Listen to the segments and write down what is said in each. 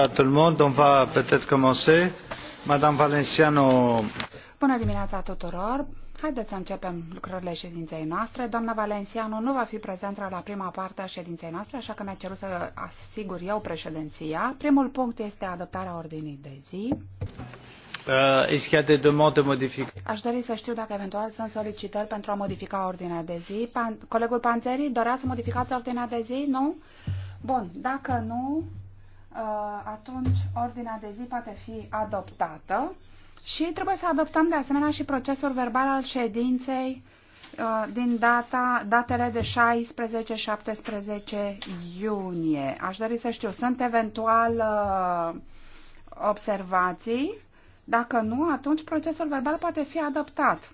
à tout le monde. On va peut-être commencer. Madame Valenciano. Bună dimineața tuturor. Haideți să începem lucrările ședinței noastre. Doamna Valenciano nu va fi prezentă la prima parte a ședinței noastre, așa că mi-a cerut să asigur eu președinția. Primul punct este adoptarea ordinii de zi. Uh, Aș dori să știu dacă eventual sunt solicitări pentru a modifica ordinea de zi. Pan colegul Panzeri dorea să modificați ordinea de zi, nu? Bun, dacă nu, Uh, atunci ordinea de zi poate fi adoptată și trebuie să adoptăm de asemenea și procesul verbal al ședinței uh, din data, datele de 16-17 iunie. Aș dori să știu, sunt eventual uh, observații? Dacă nu, atunci procesul verbal poate fi adoptat.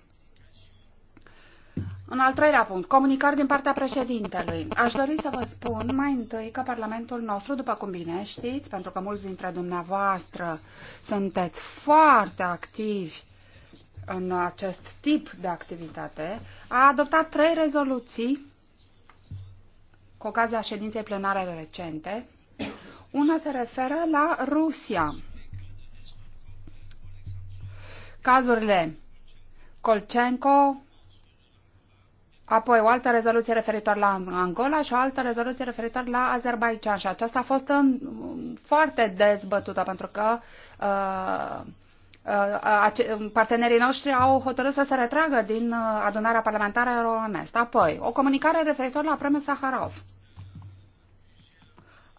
În al treilea punct, comunicări din partea președintelui. Aș dori să vă spun mai întâi că Parlamentul nostru, după cum bine știți, pentru că mulți dintre dumneavoastră sunteți foarte activi în acest tip de activitate, a adoptat trei rezoluții cu ocazia ședinței plenare recente. Una se referă la Rusia. Cazurile Colcenco, apoi o altă rezoluție referitor la Angola și o altă rezoluție referitor la Azerbaijan. Și aceasta a fost în, um, foarte dezbătută pentru că uh, uh, partenerii noștri au hotărât să se retragă din uh, adunarea parlamentară euronest. Apoi, o comunicare referitor la premiul Saharov.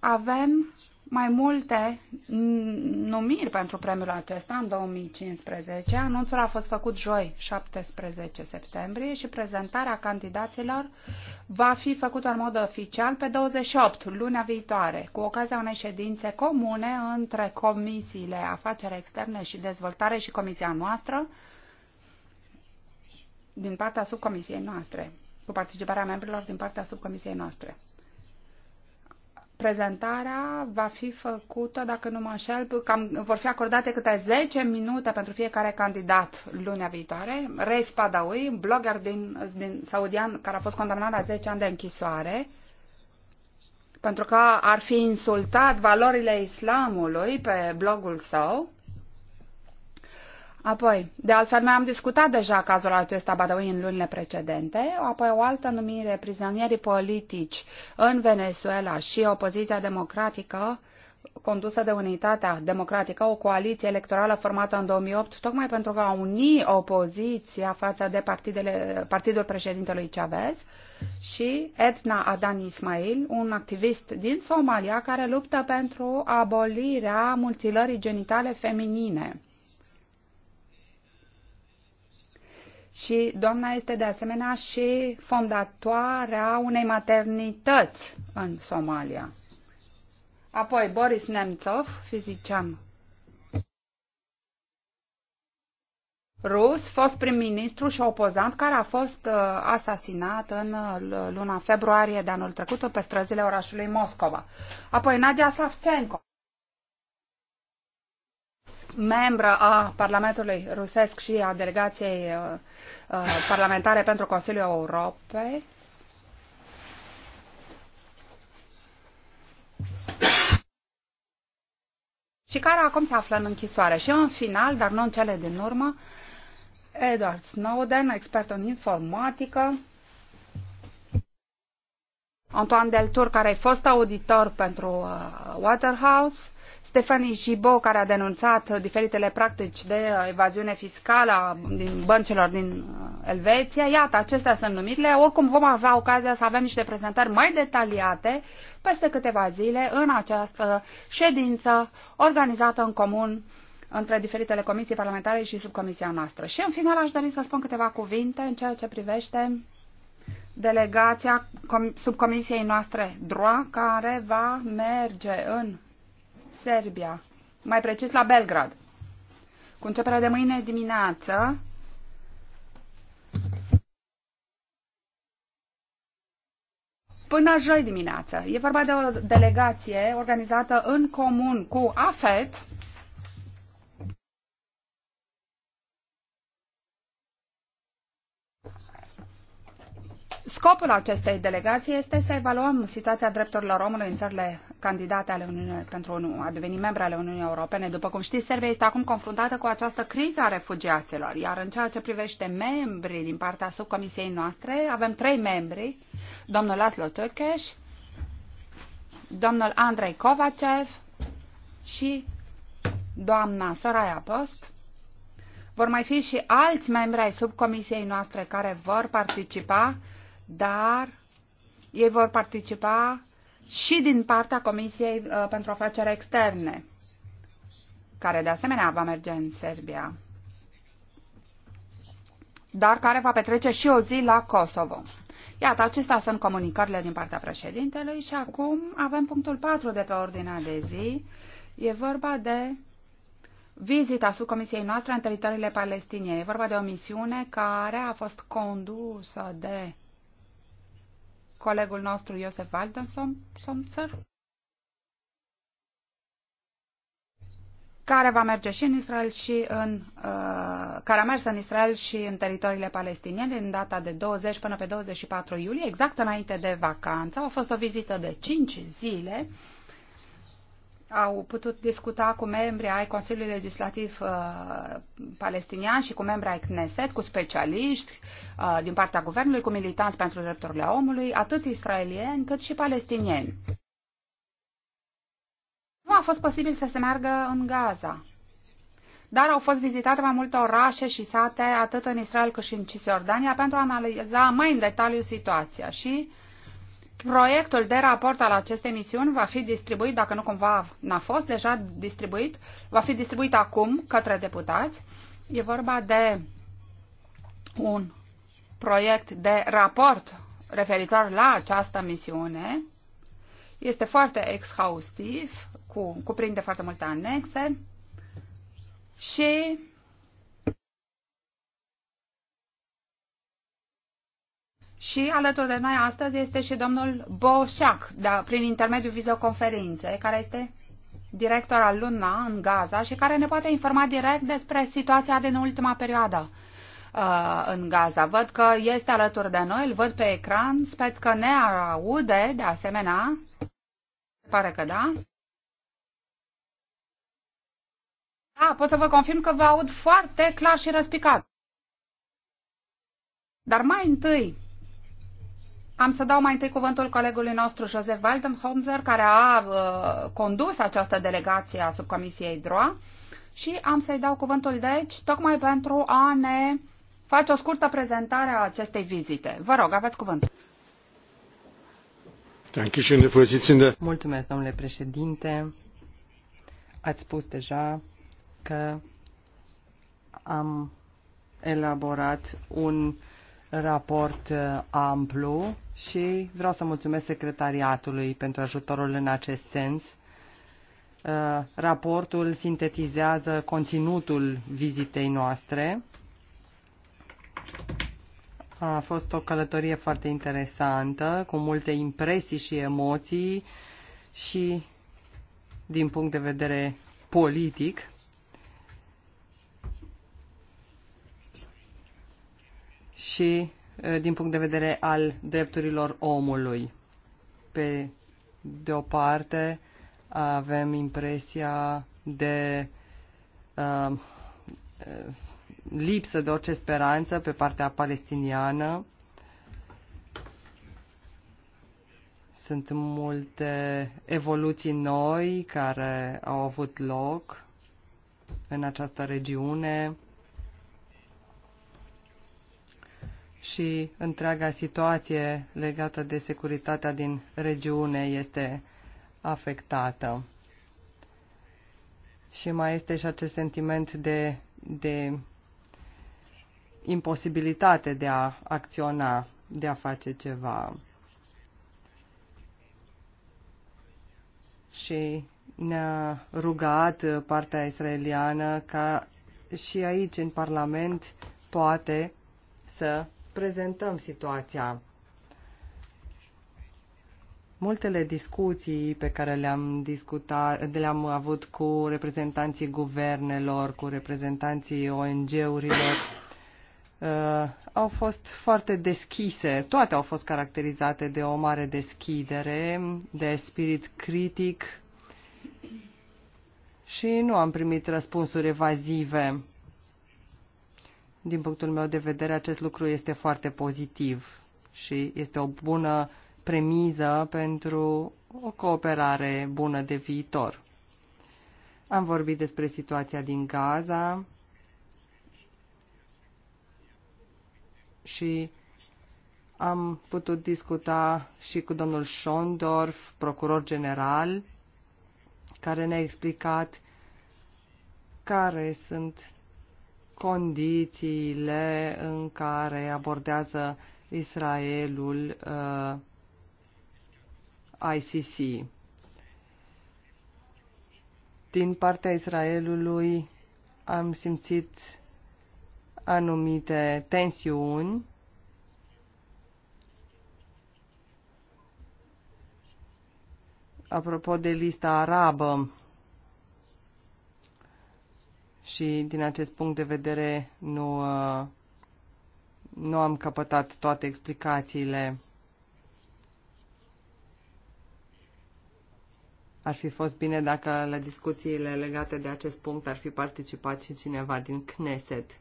Avem mai multe numiri pentru premiul acesta în 2015. Anunțul a fost făcut joi, 17 septembrie, și prezentarea candidaților va fi făcută în mod oficial pe 28, luna viitoare, cu ocazia unei ședințe comune între Comisiile Afaceri Externe și Dezvoltare și Comisia noastră, din partea subcomisiei noastre, cu participarea membrilor din partea subcomisiei noastre. Prezentarea va fi făcută, dacă nu mă înșel, cam, vor fi acordate câte 10 minute pentru fiecare candidat lunea viitoare. Raif Padawi, blogger din, din saudian care a fost condamnat la 10 ani de închisoare, pentru că ar fi insultat valorile islamului pe blogul său. Apoi, de altfel, noi am discutat deja cazul acesta Badawi în lunile precedente, apoi o altă numire, prizonierii politici în Venezuela și opoziția democratică condusă de Unitatea Democratică, o coaliție electorală formată în 2008, tocmai pentru că a uni opoziția față de partidele, partidul președintelui Chavez și Edna Adan Ismail, un activist din Somalia care luptă pentru abolirea mutilării genitale feminine. Și doamna este de asemenea și fondatoarea unei maternități în Somalia. Apoi Boris Nemtsov, fizician rus, fost prim-ministru și opozant, care a fost uh, asasinat în uh, luna februarie de anul trecut pe străzile orașului Moscova. Apoi Nadia Savchenko, membră a Parlamentului Rusesc și a delegației uh, uh, parlamentare pentru Consiliul Europei. și care acum se află în închisoare. Și în final, dar nu în cele din urmă, Edward Snowden, expert în informatică, Antoine Deltour, care a fost auditor pentru uh, Waterhouse, Stefani Gibo, care a denunțat diferitele practici de evaziune fiscală din băncilor din uh, Elveția. Iată, acestea sunt numirile. Oricum vom avea ocazia să avem niște prezentări mai detaliate peste câteva zile în această ședință organizată în comun între diferitele comisii parlamentare și subcomisia noastră. Și în final aș dori să spun câteva cuvinte în ceea ce privește delegația subcomisiei noastre DROA, care va merge în Serbia, mai precis la Belgrad. Cu începerea de mâine dimineață, până joi dimineață. E vorba de o delegație organizată în comun cu AFET, Scopul acestei delegații este să evaluăm situația drepturilor omului în țările candidate ale Uniunii, pentru a deveni membre ale Uniunii Europene. După cum știți, Serbia este acum confruntată cu această criză a refugiaților, iar în ceea ce privește membrii din partea subcomisiei noastre, avem trei membri, domnul Laszlo Tökes, domnul Andrei Kovacev și doamna Soraya Post. Vor mai fi și alți membri ai subcomisiei noastre care vor participa dar ei vor participa și din partea Comisiei uh, pentru Afaceri Externe, care de asemenea va merge în Serbia, dar care va petrece și o zi la Kosovo. Iată, acestea sunt comunicările din partea președintelui și acum avem punctul 4 de pe ordinea de zi. E vorba de vizita Comisiei noastre în teritoriile palestiniene. E vorba de o misiune care a fost condusă de colegul nostru Iosef Waldensomser, care va merge și în Israel și în, uh, care a mers în Israel și în teritoriile palestiniene în data de 20 până pe 24 iulie, exact înainte de vacanță. A fost o vizită de 5 zile uh, au putut discuta cu membri ai Consiliului Legislativ uh, Palestinian și cu membri ai Knesset, cu specialiști uh, din partea guvernului, cu militanți pentru drepturile omului, atât israelieni cât și palestinieni. Nu a fost posibil să se meargă în Gaza, dar au fost vizitate mai multe orașe și sate, atât în Israel cât și în Cisjordania, pentru a analiza mai în detaliu situația și uh, Proiectul de raport al acestei misiuni va fi distribuit, dacă nu cumva n-a fost deja distribuit, va fi distribuit acum către deputați. E vorba de un proiect de raport referitor la această misiune. Este foarte exhaustiv, cu, cuprinde foarte multe anexe și Și alături de noi astăzi este și domnul Boșac, da, prin intermediul vizoconferinței, care este director al Luna în Gaza și care ne poate informa direct despre situația din ultima perioadă uh, în Gaza. Văd că este alături de noi, îl văd pe ecran, sper că ne aude de asemenea. Pare că da. Da, pot să vă confirm că vă aud foarte clar și răspicat. Dar mai întâi, am să dau mai întâi cuvântul colegului nostru, Josef Waldenholzer, care a uh, condus această delegație a subcomisiei DROA și am să-i dau cuvântul, deci, tocmai pentru a ne face o scurtă prezentare a acestei vizite. Vă rog, aveți cuvântul. Mulțumesc, domnule președinte. Ați spus deja că am elaborat un raport uh, amplu și vreau să mulțumesc secretariatului pentru ajutorul în acest sens. Uh, raportul sintetizează conținutul vizitei noastre. A fost o călătorie foarte interesantă, cu multe impresii și emoții și din punct de vedere politic. Și Eh, din punct de vedere al drepturilor omului. Pe de o parte, avem impresia de uh, lipsă de orice speranță pe partea palestiniană. Sunt multe evoluții noi care au avut loc în această regiune. și întreaga situație legată de securitatea din regiune este afectată. Și mai este și acest sentiment de, de imposibilitate de a acționa, de a face ceva. Și ne-a rugat partea israeliană ca și aici, în Parlament, poate să prezentăm situația. Multele discuții pe care le-am discutat, le-am avut cu reprezentanții guvernelor, cu reprezentanții ONG-urilor, uh, au fost foarte deschise. Toate au fost caracterizate de o mare deschidere, de spirit critic și nu am primit răspunsuri evazive. Din punctul meu de vedere, acest lucru este foarte pozitiv și este o bună premiză pentru o cooperare bună de viitor. Am vorbit despre situația din Gaza și am putut discuta și cu domnul Schondorf, procuror general, care ne-a explicat care sunt condițiile în care abordează Israelul uh, ICC. Din partea Israelului am simțit anumite tensiuni apropo de lista arabă și din acest punct de vedere nu, nu am căpătat toate explicațiile. Ar fi fost bine dacă la discuțiile legate de acest punct ar fi participat și cineva din Knesset.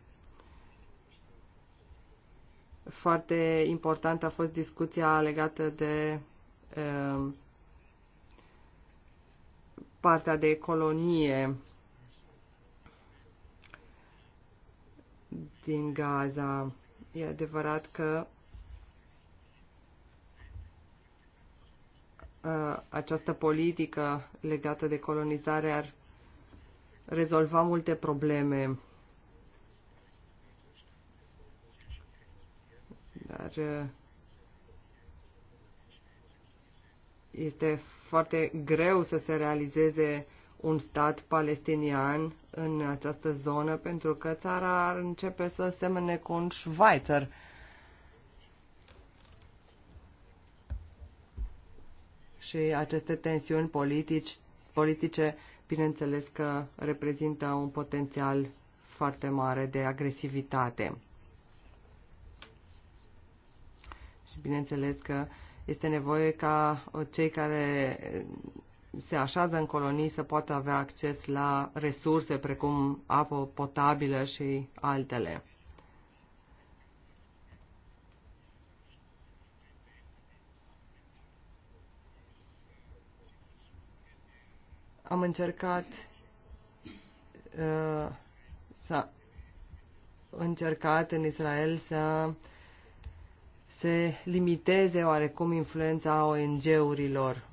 Foarte importantă a fost discuția legată de uh, partea de colonie din Gaza. E adevărat că această politică legată de colonizare ar rezolva multe probleme. Dar este foarte greu să se realizeze un stat palestinian în această zonă, pentru că țara ar începe să semene cu un Schweizer. Și aceste tensiuni politici, politice, bineînțeles că reprezintă un potențial foarte mare de agresivitate. Și bineînțeles că este nevoie ca cei care se așează în colonii să poată avea acces la resurse precum apă potabilă și altele. Am încercat uh, să încercat în Israel să se limiteze oarecum influența ONG-urilor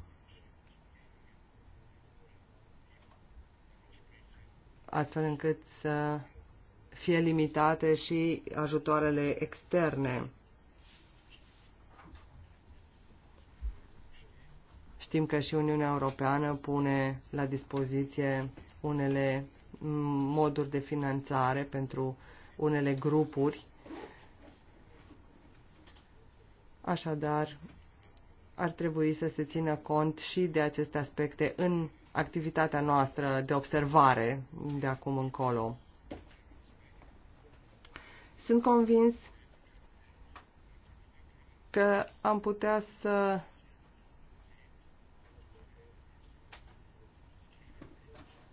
astfel încât să fie limitate și ajutoarele externe. Știm că și Uniunea Europeană pune la dispoziție unele moduri de finanțare pentru unele grupuri. Așadar, ar trebui să se țină cont și de aceste aspecte în activitatea noastră de observare de acum încolo. Sunt convins că am putea să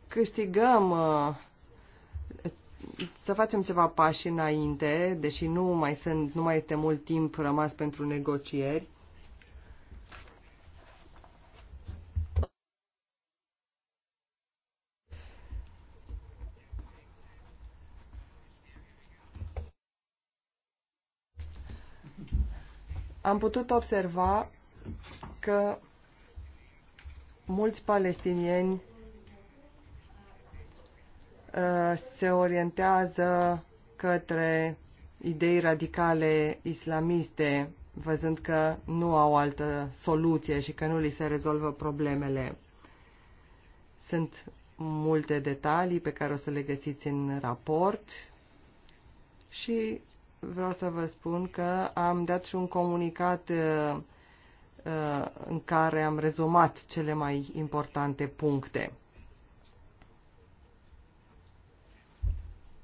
câștigăm, să facem ceva pași înainte, deși nu mai, sunt, nu mai este mult timp rămas pentru negocieri, am putut observa că mulți palestinieni uh, se orientează către idei radicale islamiste, văzând că nu au altă soluție și că nu li se rezolvă problemele. Sunt multe detalii pe care o să le găsiți în raport și vreau să vă spun că am dat și un comunicat uh, uh, în care am rezumat cele mai importante puncte.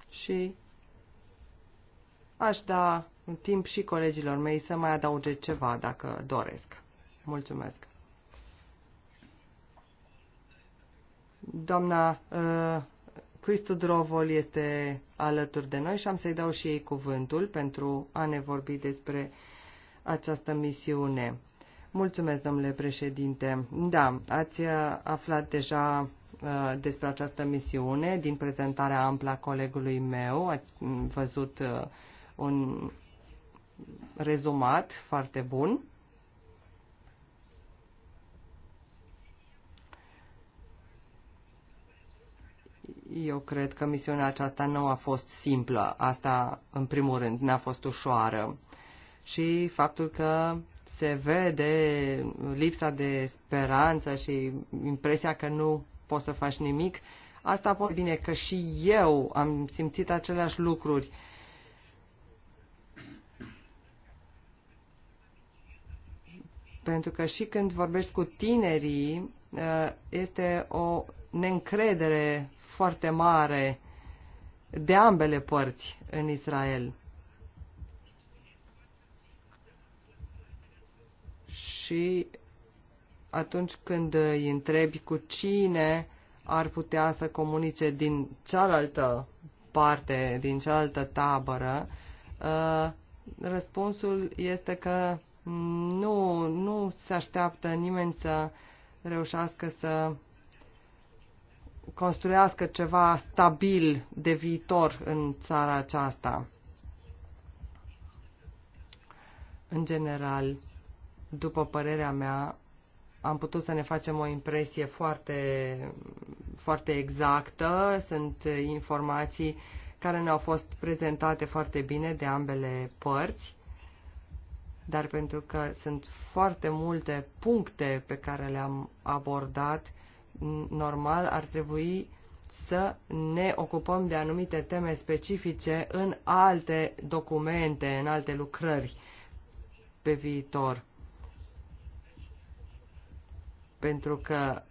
Și aș da în timp și colegilor mei să mai adauge ceva dacă doresc. Mulțumesc. Doamna uh, Drovol este alături de noi și am să-i dau și ei cuvântul pentru a ne vorbi despre această misiune. Mulțumesc, domnule președinte. Da, ați uh, aflat deja uh, despre această misiune din prezentarea ampla colegului meu. Ați mm, văzut uh, un rezumat foarte bun. Eu cred că misiunea aceasta nu a fost simplă. Asta, în primul rând, n-a fost ușoară. Și faptul că se vede lipsa de speranță și impresia că nu poți să faci nimic, asta poate bine că și eu am simțit aceleași lucruri. Pentru că și când vorbești cu tinerii, ă, este o neîncredere foarte mare de ambele părți în Israel. Și atunci când îi întrebi cu cine ar putea să comunice din cealaltă parte, din cealaltă tabără, uh, răspunsul este că nu, nu se așteaptă nimeni să reușească să construiască ceva stabil de viitor în țara aceasta. În general, după părerea mea, am putut să ne facem o impresie foarte, foarte exactă. Sunt informații care ne-au fost prezentate foarte bine de ambele părți, dar pentru că sunt foarte multe puncte pe care le-am abordat, normal ar trebui să ne ocupăm de anumite teme specifice în alte documente, în alte lucrări pe viitor. Pentru că,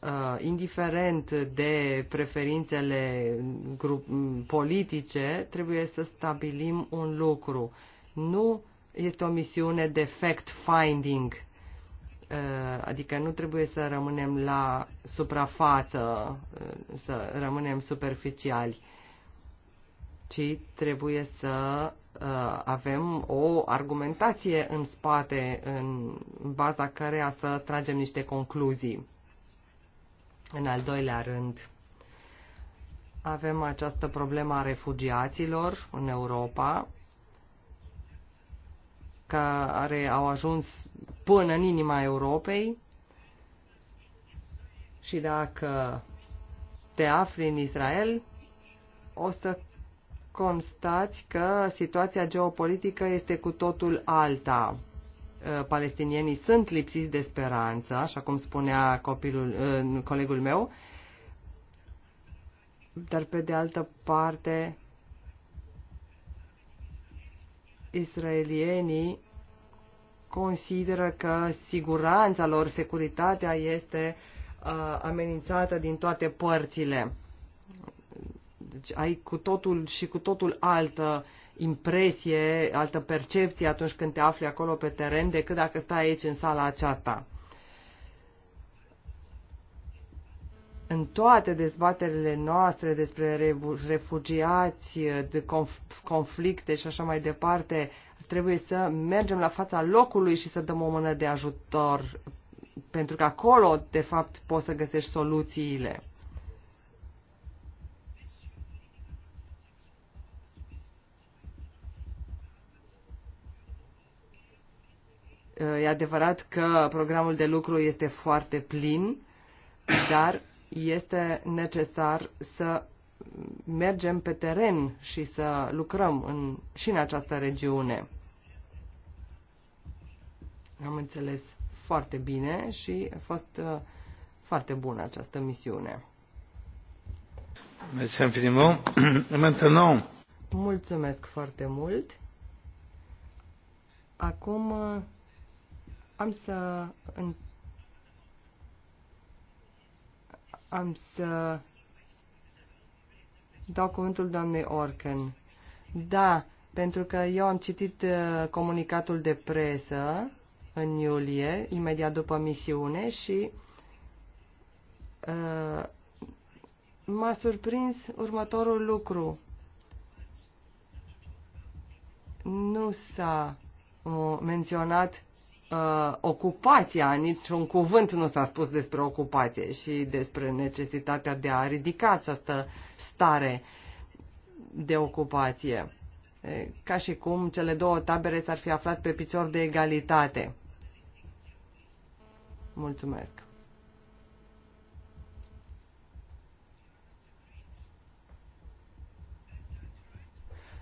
uh, indiferent de preferințele grup, politice, trebuie să stabilim un lucru. Nu este o misiune de fact-finding Eh, adică nu trebuie să rămânem la suprafață, eh, să rămânem superficiali, ci trebuie să eh, avem o argumentație în spate, în baza căreia să tragem niște concluzii. În al doilea rând, avem această problemă a refugiaților în Europa, care au ajuns până în inima Europei și dacă te afli în Israel, o să constați că situația geopolitică este cu totul alta. Uh, palestinienii sunt lipsiți de speranță, așa cum spunea copilul, uh, colegul meu, dar pe de altă parte israelienii consideră că siguranța lor, securitatea este uh, amenințată din toate părțile. Deci ai cu totul și cu totul altă impresie, altă percepție atunci când te afli acolo pe teren decât dacă stai aici în sala aceasta. în toate dezbaterile noastre despre refugiați, de conflicte și așa mai departe, trebuie să mergem la fața locului și să dăm o mână de ajutor, pentru că acolo, de fapt, poți să găsești soluțiile. E adevărat că programul de lucru este foarte plin, dar este necesar să mergem pe teren și să lucrăm în, și în această regiune. Am înțeles foarte bine și a fost uh, foarte bună această misiune. Mulțumesc foarte mult. Acum uh, am să Am să dau cuvântul doamnei Orken. Da, pentru că eu am citit uh, comunicatul de presă în iulie, imediat după misiune și uh, m-a surprins următorul lucru. Nu s-a uh, menționat uh, ocupația, niciun cuvânt nu s-a spus despre ocupație și despre necesitatea de a ridica această stare de ocupație, ca și cum cele două tabere s-ar fi aflat pe picior de egalitate. Mulțumesc!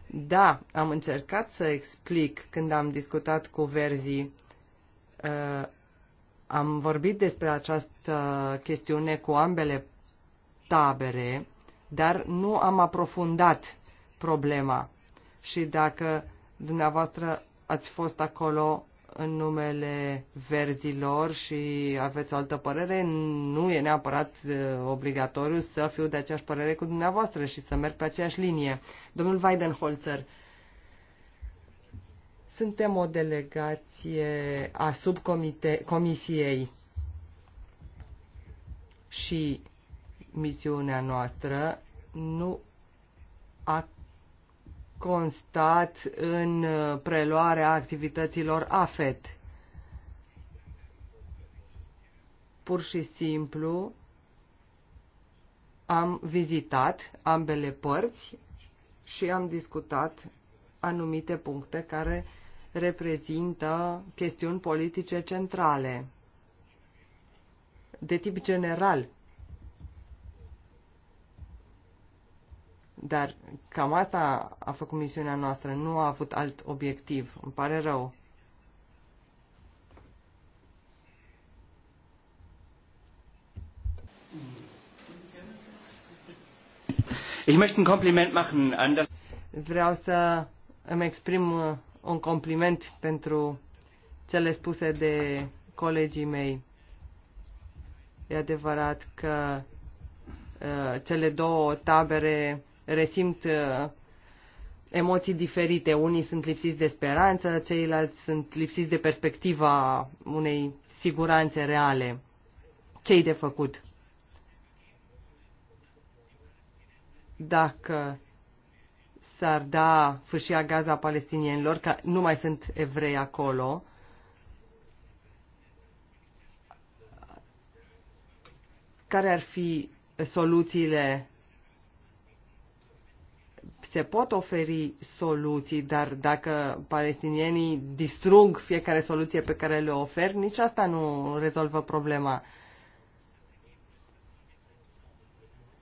Da, am încercat să explic când am discutat cu verzii Uh, am vorbit despre această chestiune cu ambele tabere, dar nu am aprofundat problema. Și dacă dumneavoastră ați fost acolo în numele verzilor și aveți o altă părere, nu e neapărat uh, obligatoriu să fiu de aceeași părere cu dumneavoastră și să merg pe aceeași linie. Domnul Weidenholzer, suntem o delegație a subcomisiei și misiunea noastră nu a constat în preluarea activităților AFET. Pur și simplu am vizitat ambele părți și am discutat anumite puncte care reprezintă chestiuni politice centrale, de tip general. Dar cam asta a făcut misiunea noastră, nu a avut alt obiectiv. Îmi pare rău. Ich möchte ein Kompliment machen an das Vreau să îmi exprim un compliment pentru cele spuse de colegii mei. E adevărat că uh, cele două tabere resimt uh, emoții diferite. Unii sunt lipsiți de speranță, ceilalți sunt lipsiți de perspectiva unei siguranțe reale. Ce-i de făcut? Dacă s-ar da fâșia Gaza palestinienilor, că nu mai sunt evrei acolo, care ar fi soluțiile? Se pot oferi soluții, dar dacă palestinienii distrug fiecare soluție pe care le ofer, nici asta nu rezolvă problema.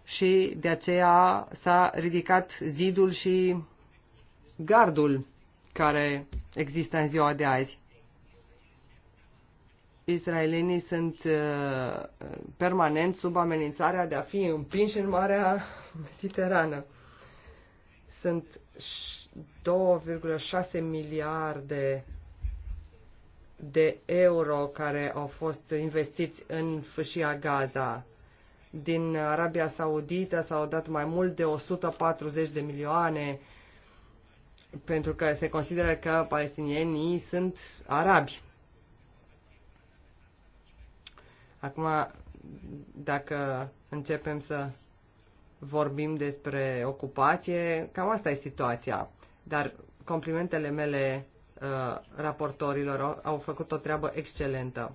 și de aceea s-a ridicat zidul și gardul care există în ziua de azi. Israelenii sunt uh, permanent sub amenințarea de a fi împinși în Marea Mediterană. Sunt 2,6 miliarde de euro care au fost investiți în fâșia Gaza din Arabia Saudită s-au dat mai mult de 140 de milioane pentru că se consideră că palestinienii sunt arabi. Acum, dacă începem să vorbim despre ocupație, cam asta e situația. Dar complimentele mele uh, raportorilor au, au făcut o treabă excelentă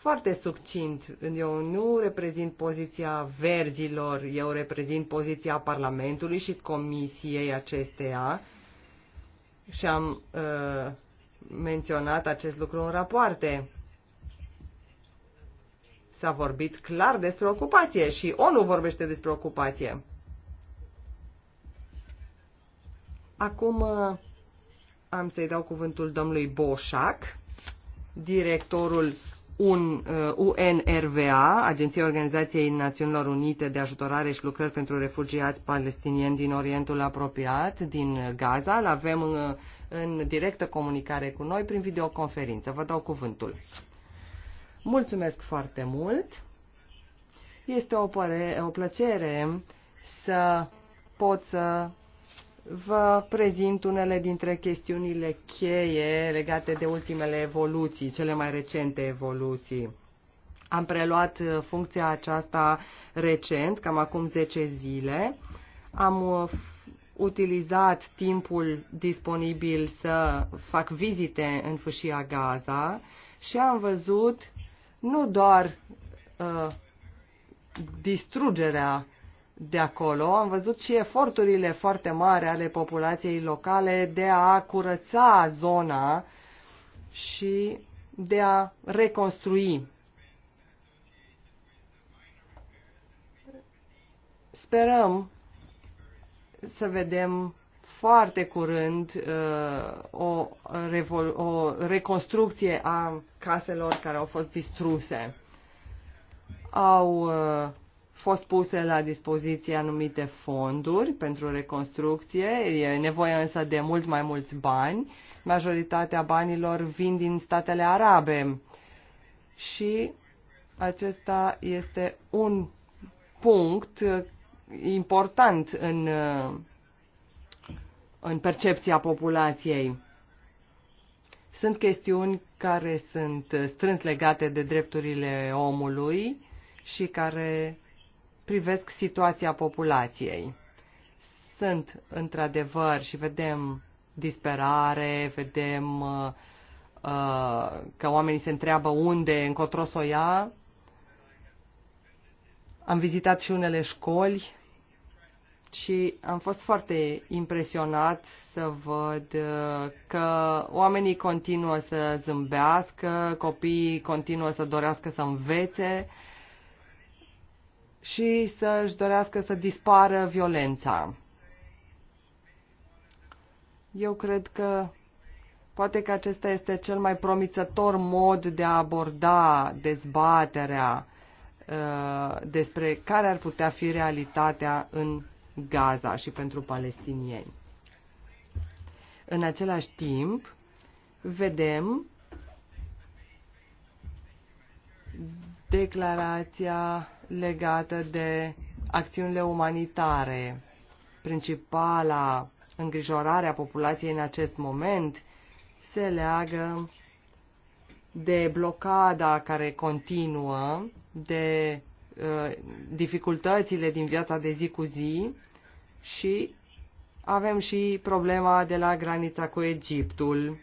foarte succint. Eu nu reprezint poziția verzilor, eu reprezint poziția Parlamentului și Comisiei acesteia și am uh, menționat acest lucru în rapoarte. S-a vorbit clar despre ocupație și ONU vorbește despre ocupație. Acum uh, am să-i dau cuvântul domnului Boșac, directorul un UNRWA, uh, Agenția Organizației Națiunilor Unite de Ajutorare și Lucrări pentru Refugiați Palestinieni din Orientul Apropiat, din Gaza. Îl avem în, uh, în directă comunicare cu noi prin videoconferință. Vă dau cuvântul. Mulțumesc foarte mult. Este o, păre, o plăcere să pot să vă prezint unele dintre chestiunile cheie legate de ultimele evoluții, cele mai recente evoluții. Am preluat uh, funcția aceasta recent, cam acum 10 zile. Am uh, utilizat timpul disponibil să fac vizite în fâșia Gaza și am văzut nu doar uh, distrugerea de acolo. Am văzut și eforturile foarte mari ale populației locale de a curăța zona și de a reconstrui. Sperăm să vedem foarte curând uh, o, o reconstrucție a caselor care au fost distruse. Au uh, fost puse la dispoziție anumite fonduri pentru reconstrucție, e nevoie însă de mult mai mulți bani. Majoritatea banilor vin din statele arabe și acesta este un punct important în, în percepția populației. Sunt chestiuni care sunt strâns legate de drepturile omului și care privesc situația populației. Sunt, într-adevăr, și vedem disperare, vedem uh, uh, că oamenii se întreabă unde, încotro să o ia. Am vizitat și unele școli și am fost foarte impresionat să văd uh, că oamenii continuă să zâmbească, copiii continuă să dorească să învețe și să-și dorească să dispară violența. Eu cred că poate că acesta este cel mai promițător mod de a aborda dezbaterea uh, despre care ar putea fi realitatea în Gaza și pentru palestinieni. În același timp, vedem declarația legată de acțiunile umanitare. Principala îngrijorare a populației în acest moment se leagă de blocada care continuă, de uh, dificultățile din viața de zi cu zi și avem și problema de la granița cu Egiptul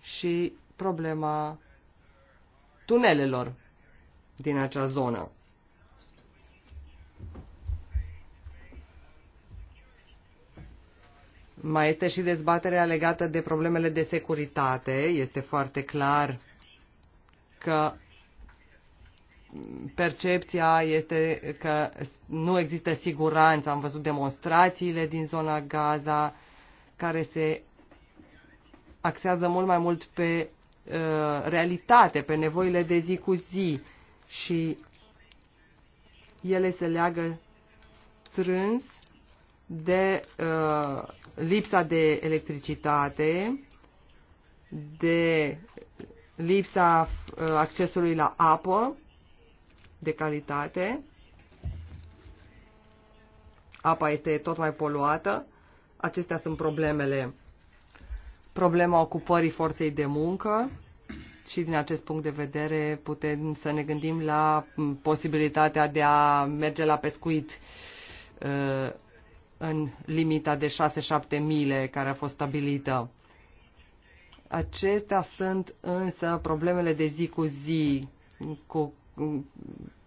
și problema tunelelor din acea zonă. Mai este și dezbaterea legată de problemele de securitate. Este foarte clar că percepția este că nu există siguranță. Am văzut demonstrațiile din zona Gaza care se axează mult mai mult pe Uh, realitate, pe nevoile de zi cu zi și ele se leagă strâns de uh, lipsa de electricitate, de lipsa uh, accesului la apă de calitate. Apa este tot mai poluată. Acestea sunt problemele problema ocupării forței de muncă și din acest punct de vedere putem să ne gândim la posibilitatea de a merge la pescuit uh, în limita de 6-7 mile care a fost stabilită. Acestea sunt însă problemele de zi cu zi cu,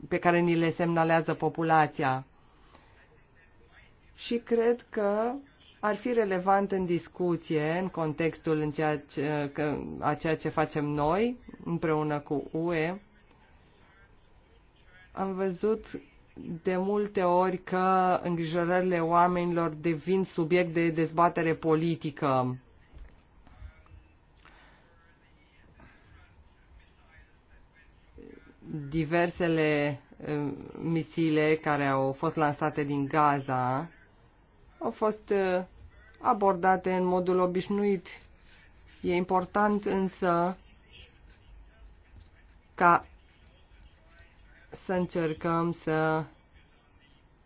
pe care ni le semnalează populația. Și cred că ar fi relevant în discuție, în contextul în ceea ce, că, a ceea ce facem noi împreună cu UE. Am văzut de multe ori că îngrijorările oamenilor devin subiect de dezbatere politică. Diversele eh, misile care au fost lansate din Gaza au fost uh, abordate în modul obișnuit. E important însă ca să încercăm să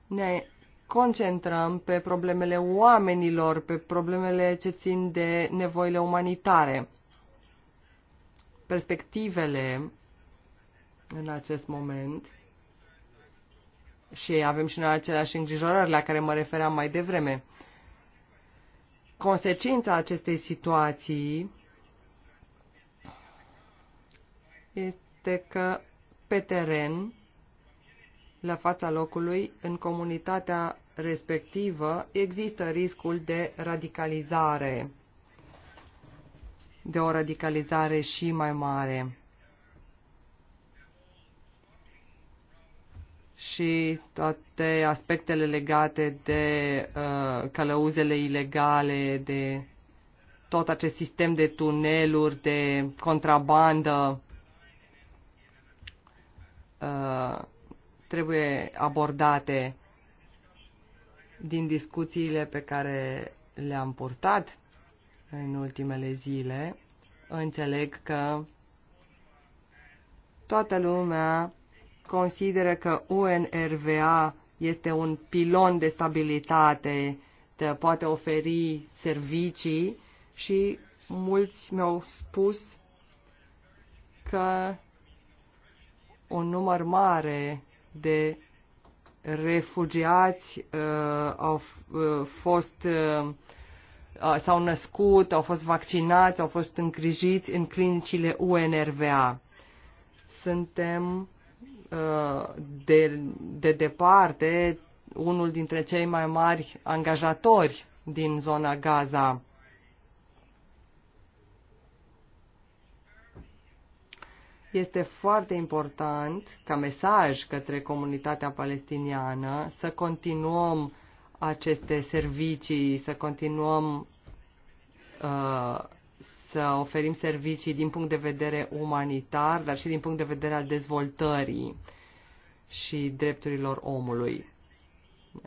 ne concentrăm pe problemele oamenilor, pe problemele ce țin de nevoile umanitare. Perspectivele în acest moment și avem și noi aceleași îngrijorări la care mă refeream mai devreme. Consecința acestei situații este că pe teren, la fața locului, în comunitatea respectivă, există riscul de radicalizare, de o radicalizare și mai mare. și toate aspectele legate de uh, călăuzele ilegale, de tot acest sistem de tuneluri, de contrabandă, uh, trebuie abordate din discuțiile pe care le-am purtat în ultimele zile. Înțeleg că toată lumea consideră că UNRWA este un pilon de stabilitate, te poate oferi servicii și mulți mi-au spus că un număr mare de refugiați uh, au uh, fost uh, uh, s-au născut, au fost vaccinați, au fost îngrijiți în clinicile UNRWA. Suntem de, de departe unul dintre cei mai mari angajatori din zona Gaza. Este foarte important ca mesaj către comunitatea palestiniană să continuăm aceste servicii, să continuăm uh, să oferim servicii din punct de vedere umanitar, dar și din punct de vedere al dezvoltării și drepturilor omului.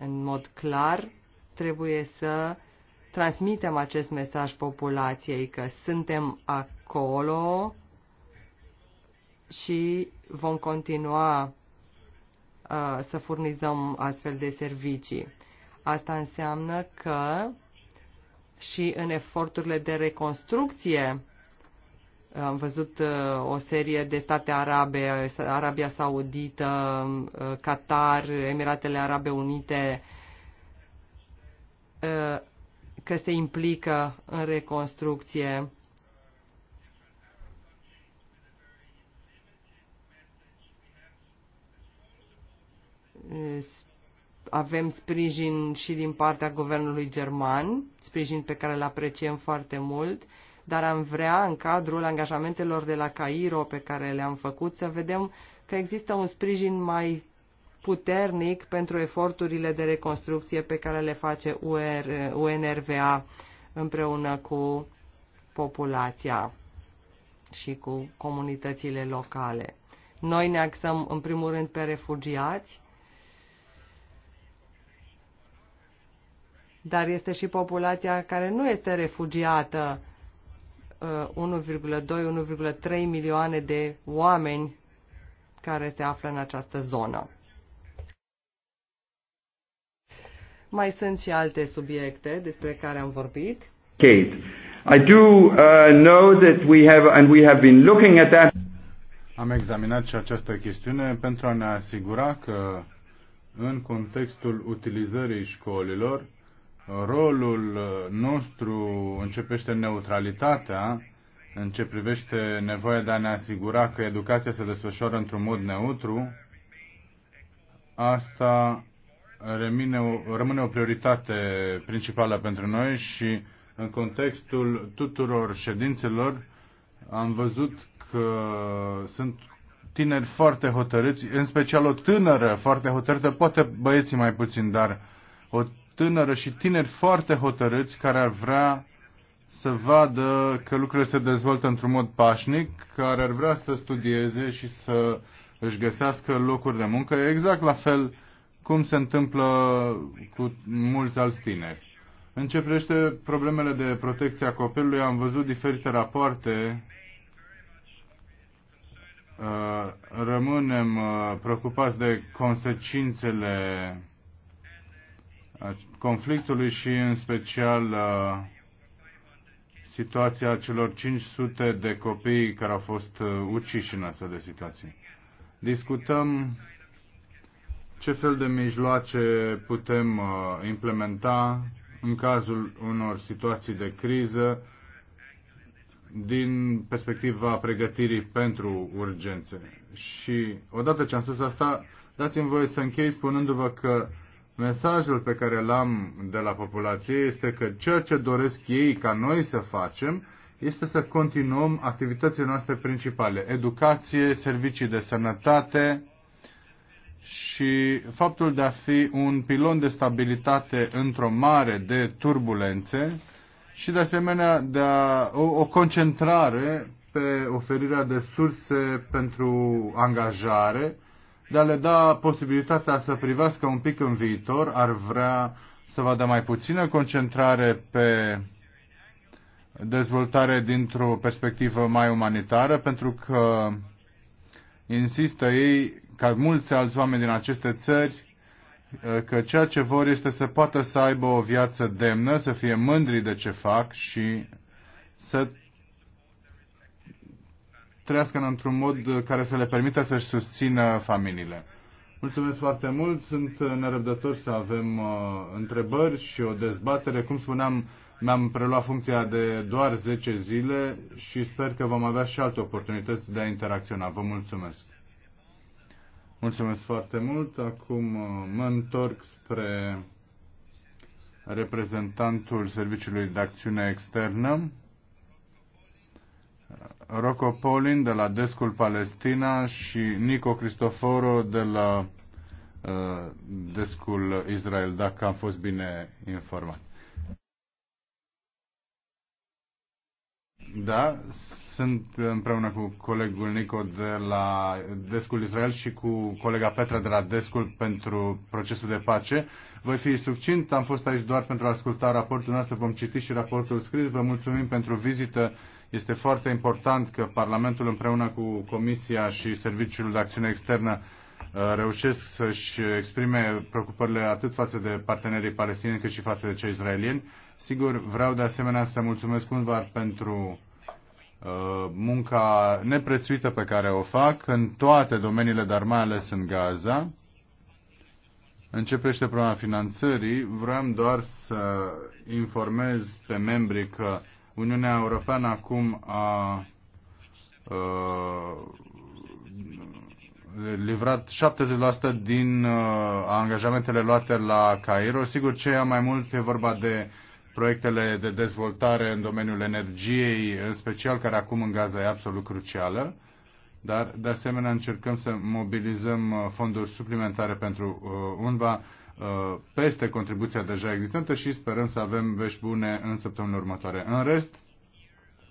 În mod clar, trebuie să transmitem acest mesaj populației că suntem acolo și vom continua uh, să furnizăm astfel de servicii. Asta înseamnă că și în eforturile de reconstrucție. Am văzut uh, o serie de state arabe, Arabia Saudită, uh, Qatar, Emiratele Arabe Unite, uh, că se implică în reconstrucție avem sprijin și din partea guvernului german, sprijin pe care îl apreciem foarte mult, dar am vrea, în cadrul angajamentelor de la Cairo pe care le-am făcut, să vedem că există un sprijin mai puternic pentru eforturile de reconstrucție pe care le face UR, UNRVA împreună cu populația și cu comunitățile locale. Noi ne axăm în primul rând pe refugiați, dar este și populația care nu este refugiată, 1,2-1,3 uh, milioane de oameni care se află în această zonă. Mai sunt și alte subiecte despre care am vorbit. Kate, I do uh, know that we have and we have been looking at that. Am examinat și această chestiune pentru a ne asigura că în contextul utilizării școlilor rolul uh, nostru începește neutralitatea în ce privește nevoia de a ne asigura că educația se desfășoară într-un mod neutru, asta rămâne o, rămâne o prioritate principală pentru noi și în contextul tuturor ședințelor am văzut că sunt tineri foarte hotărâți, în special o tânără foarte hotărâtă, poate băieții mai puțin, dar o tânără și tineri foarte hotărâți care ar vrea să vadă că lucrurile se dezvoltă într-un mod pașnic, care ar vrea să studieze și să își găsească locuri de muncă, exact la fel cum se întâmplă cu mulți alți tineri. În ce privește problemele de protecție a copilului, am văzut diferite rapoarte. Uh, rămânem uh, preocupați de consecințele conflictului și în special uh, situația celor 500 de copii care au fost uh, uciși în astfel de situații. Discutăm ce fel de mijloace putem uh, implementa în cazul unor situații de criză din perspectiva pregătirii pentru urgențe. Și odată ce am spus asta, dați-mi voie să închei spunându-vă că Mesajul pe care l-am de la populație este că ceea ce doresc ei ca noi să facem este să continuăm activitățile noastre principale, educație, servicii de sănătate și faptul de a fi un pilon de stabilitate într-o mare de turbulențe și de asemenea de a, o, o concentrare pe oferirea de surse pentru angajare, de a le da posibilitatea să privească un pic în viitor, ar vrea să vadă mai puțină concentrare pe dezvoltare dintr-o perspectivă mai umanitară, pentru că insistă ei, ca mulți alți oameni din aceste țări, că ceea ce vor este să poată să aibă o viață demnă, să fie mândri de ce fac și să trăiască într-un mod care să le permită să-și susțină familiile. Mulțumesc foarte mult, sunt nerăbdător să avem uh, întrebări și o dezbatere. Cum spuneam, mi-am preluat funcția de doar 10 zile și sper că vom avea și alte oportunități de a interacționa. Vă mulțumesc! Mulțumesc foarte mult. Acum uh, mă întorc spre reprezentantul Serviciului de Acțiune Externă. Rocco Polin de la Descul Palestina și Nico Cristoforo de la uh, Descul Israel, dacă am fost bine informat. Da, sunt împreună cu colegul Nico de la Descul Israel și cu colega Petra de la Descul pentru procesul de pace. Voi fi succint, am fost aici doar pentru a asculta raportul nostru, vom citi și raportul scris. Vă mulțumim pentru vizită este foarte important că Parlamentul împreună cu Comisia și Serviciul de Acțiune Externă uh, reușesc să-și exprime preocupările atât față de partenerii palestinieni cât și față de cei israelieni. Sigur, vreau de asemenea să mulțumesc cumva pentru uh, munca neprețuită pe care o fac în toate domeniile, dar mai ales în Gaza. Începește problema finanțării. Vreau doar să informez pe membrii că Uniunea Europeană acum a livrat 70% din angajamentele luate la Cairo. Sigur, cea mai mult e vorba de proiectele de dezvoltare în domeniul energiei, în special, care acum în Gaza e absolut crucială. Dar, de asemenea, încercăm să mobilizăm uh, fonduri suplimentare pentru uh, UNVA Uh, peste contribuția deja existentă și sperăm să avem vești bune în săptămâna următoare. În rest,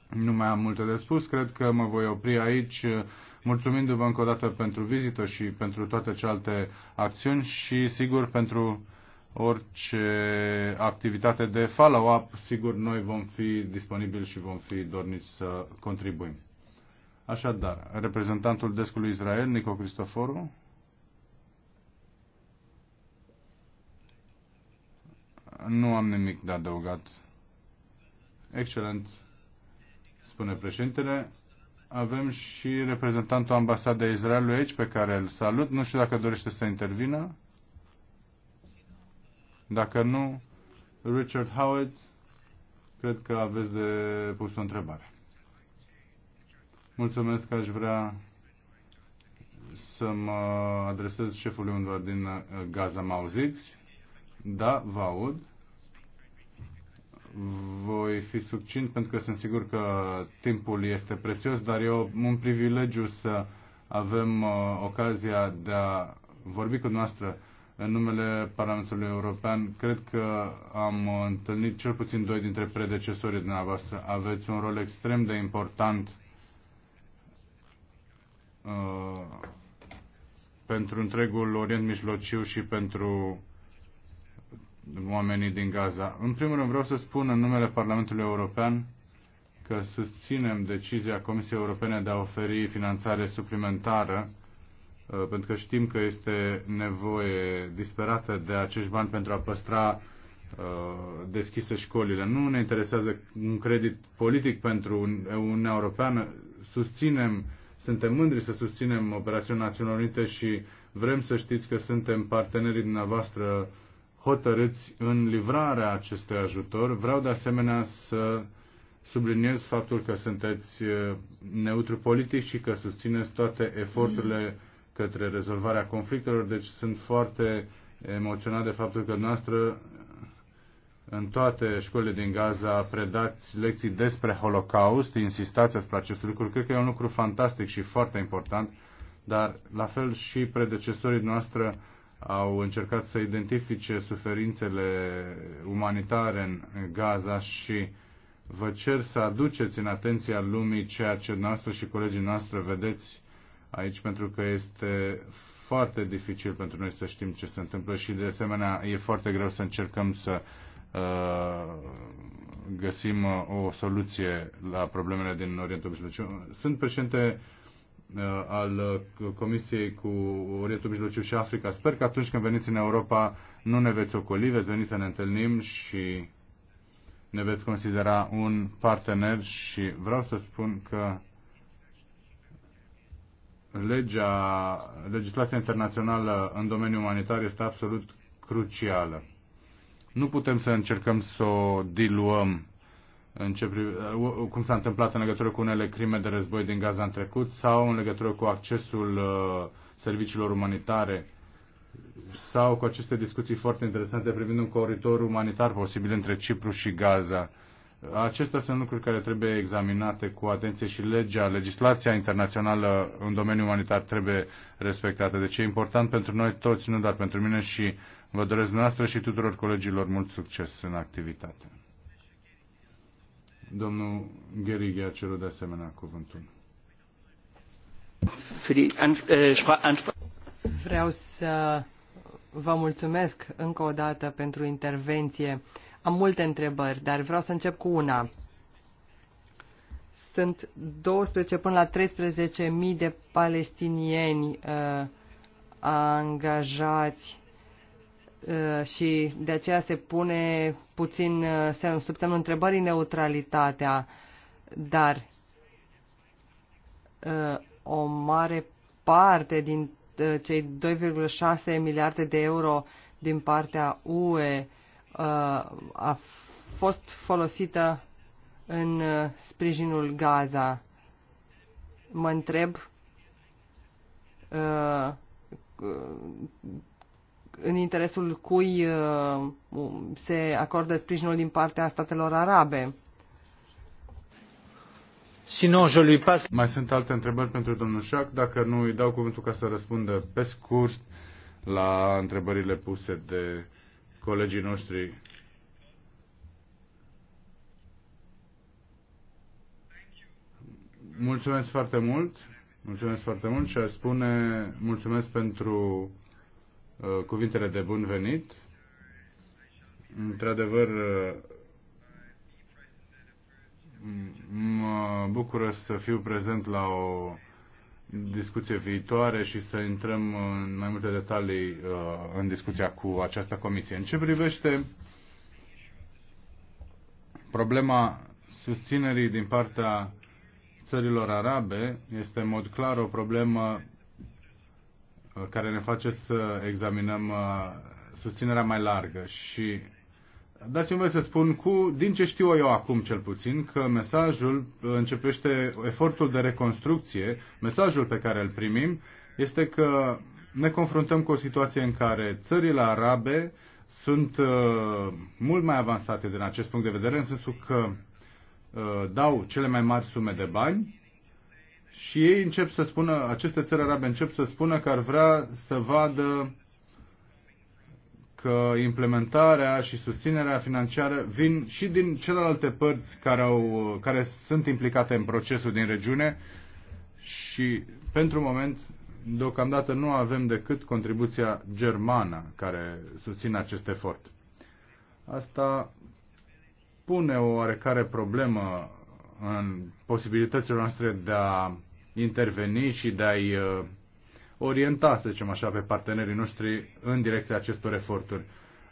nu mai am multe de spus, cred că mă voi opri aici uh, mulțumindu-vă încă o dată pentru vizită și pentru toate celelalte acțiuni și sigur pentru orice activitate de follow-up, sigur noi vom fi disponibili și vom fi dorniți să contribuim. Așadar, reprezentantul descului Israel, Nico Cristoforu. Nu am nimic de adăugat. Excelent, spune președintele. Avem și reprezentantul ambasadei Israelului aici, pe care îl salut. Nu știu dacă dorește să intervină. Dacă nu, Richard Howard, cred că aveți de pus o întrebare. Mulțumesc că aș vrea să mă adresez șefului unvar din uh, Gaza, mă auziți? Da, vă aud. Voi fi succint pentru că sunt sigur că timpul este prețios, dar e un privilegiu să avem uh, ocazia de a vorbi cu noastră în numele Parlamentului European. Cred că am întâlnit cel puțin doi dintre predecesorii dumneavoastră. Aveți un rol extrem de important uh, pentru întregul Orient Mijlociu și pentru oamenii din Gaza. În primul rând vreau să spun în numele Parlamentului European că susținem decizia Comisiei Europene de a oferi finanțare suplimentară uh, pentru că știm că este nevoie disperată de acești bani pentru a păstra uh, deschise școlile. Nu ne interesează un credit politic pentru Uniunea Europeană. Susținem, suntem mândri să susținem operațiunea Națiunilor Unite și vrem să știți că suntem partenerii dumneavoastră hotărâți în livrarea acestui ajutor. Vreau de asemenea să subliniez faptul că sunteți neutru politic și că susțineți toate eforturile către rezolvarea conflictelor, deci sunt foarte emoționat de faptul că noastră în toate școlile din Gaza predați lecții despre Holocaust, insistați asupra acest lucru. Cred că e un lucru fantastic și foarte important, dar la fel și predecesorii noastre au încercat să identifice suferințele umanitare în Gaza și vă cer să aduceți în atenția lumii ceea ce noastră și colegii noastre vedeți aici, pentru că este foarte dificil pentru noi să știm ce se întâmplă și, de asemenea, e foarte greu să încercăm să uh, găsim uh, o soluție la problemele din Orientul Mijlociu. Sunt președinte Uh, al uh, Comisiei cu Orientul Mijlociu și Africa. Sper că atunci când veniți în Europa nu ne veți ocoli, veți veni să ne întâlnim și ne veți considera un partener și vreau să spun că legea, legislația internațională în domeniul umanitar este absolut crucială. Nu putem să încercăm să o diluăm în ce, uh, cum s-a întâmplat în legătură cu unele crime de război din Gaza în trecut sau în legătură cu accesul uh, serviciilor umanitare sau cu aceste discuții foarte interesante privind un coridor umanitar posibil între Cipru și Gaza. Acestea sunt lucruri care trebuie examinate cu atenție și legea, legislația internațională în domeniul umanitar trebuie respectată. Deci e important pentru noi toți, nu doar pentru mine și vă doresc noastră și tuturor colegilor mult succes în activitate. Domnul Gherighi a cerut de asemenea cuvântul. Äh, vreau să vă mulțumesc încă o dată pentru intervenție. Am multe întrebări, dar vreau să încep cu una. Sunt 12 până la 13.000 de palestinieni uh, angajați Uh, și de aceea se pune puțin uh, sub semnul întrebării neutralitatea, dar uh, o mare parte din cei 2,6 miliarde de euro din partea UE a fost folosită în sprijinul Gaza. Mă întreb în interesul cui uh, se acordă sprijinul din partea statelor arabe. Sinon, je lui pas... Mai sunt alte întrebări pentru domnul Șac, dacă nu îi dau cuvântul ca să răspundă pe scurt la întrebările puse de colegii noștri. Mulțumesc foarte mult, mulțumesc foarte mult și aș spune mulțumesc pentru Uh, cuvintele de bun venit. Într-adevăr, uh, mă bucură să fiu prezent la o discuție viitoare și să intrăm în mai multe detalii uh, în discuția cu această comisie. În ce privește problema susținerii din partea țărilor arabe, este în mod clar o problemă care ne face să examinăm uh, susținerea mai largă și dați-mi voi să spun cu, din ce știu eu acum cel puțin, că mesajul începește efortul de reconstrucție, mesajul pe care îl primim este că ne confruntăm cu o situație în care țările arabe sunt uh, mult mai avansate din acest punct de vedere, în sensul că uh, dau cele mai mari sume de bani și ei încep să spună, aceste țări arabe încep să spună că ar vrea să vadă că implementarea și susținerea financiară vin și din celelalte părți care, au, care sunt implicate în procesul din regiune și pentru moment deocamdată nu avem decât contribuția germană care susține acest efort. Asta pune o oarecare problemă în posibilitățile noastre de a interveni și de a-i uh, orienta, să zicem așa, pe partenerii noștri în direcția acestor eforturi.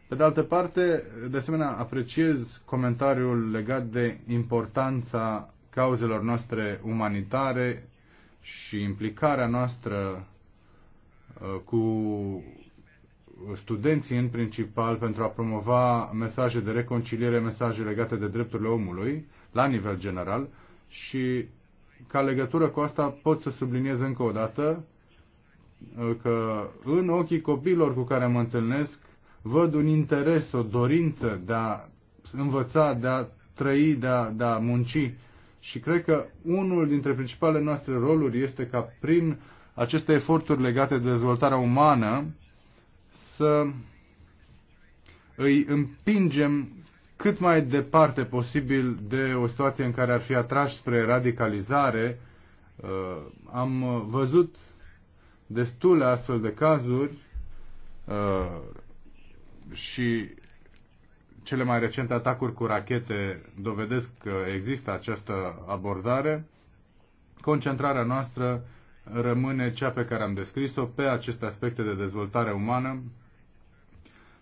Pe de altă parte, de asemenea, apreciez comentariul legat de importanța cauzelor noastre umanitare și implicarea noastră uh, cu studenții în principal pentru a promova mesaje de reconciliere, mesaje legate de drepturile omului la nivel general și ca legătură cu asta pot să subliniez încă o dată uh, că în ochii copiilor cu care mă întâlnesc văd un interes, o dorință de a învăța, de a trăi, de a, de a munci. Și cred că unul dintre principalele noastre roluri este ca prin aceste eforturi legate de dezvoltarea umană să îi împingem cât mai departe posibil de o situație în care ar fi atras spre radicalizare. Uh, am văzut destule astfel de cazuri uh, și cele mai recente atacuri cu rachete dovedesc că există această abordare. Concentrarea noastră rămâne cea pe care am descris-o pe aceste aspecte de dezvoltare umană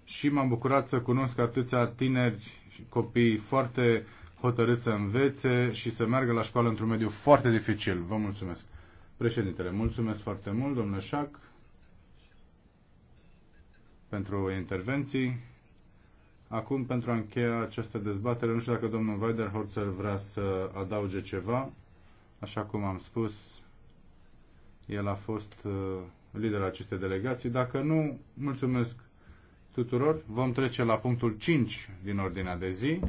și m-am bucurat să cunosc atâția tineri copii foarte hotărâți să învețe și să meargă la școală într-un mediu foarte dificil. Vă mulțumesc. Președintele, mulțumesc foarte mult, domnule Șac, pentru intervenții. Acum, pentru a încheia această dezbatere, nu știu dacă domnul Weiderhorzer vrea să adauge ceva. Așa cum am spus, el a fost uh, liderul acestei delegații. Dacă nu, mulțumesc tuturor. Vom trece la punctul 5 din ordinea de zi.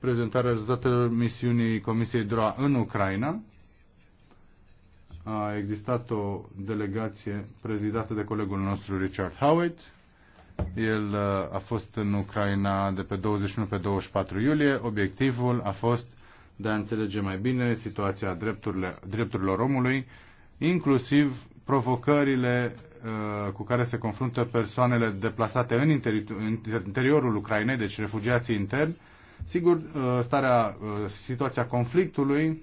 Prezentarea rezultatelor misiunii Comisiei DROA în Ucraina. A existat o delegație prezidată de colegul nostru Richard Howitt. El uh, a fost în Ucraina de pe 21 pe 24 iulie. Obiectivul a fost de a înțelege mai bine situația drepturilor omului, inclusiv provocările Uh, cu care se confruntă persoanele deplasate în interiorul Ucrainei, deci refugiații interni. Sigur, uh, starea, uh, situația conflictului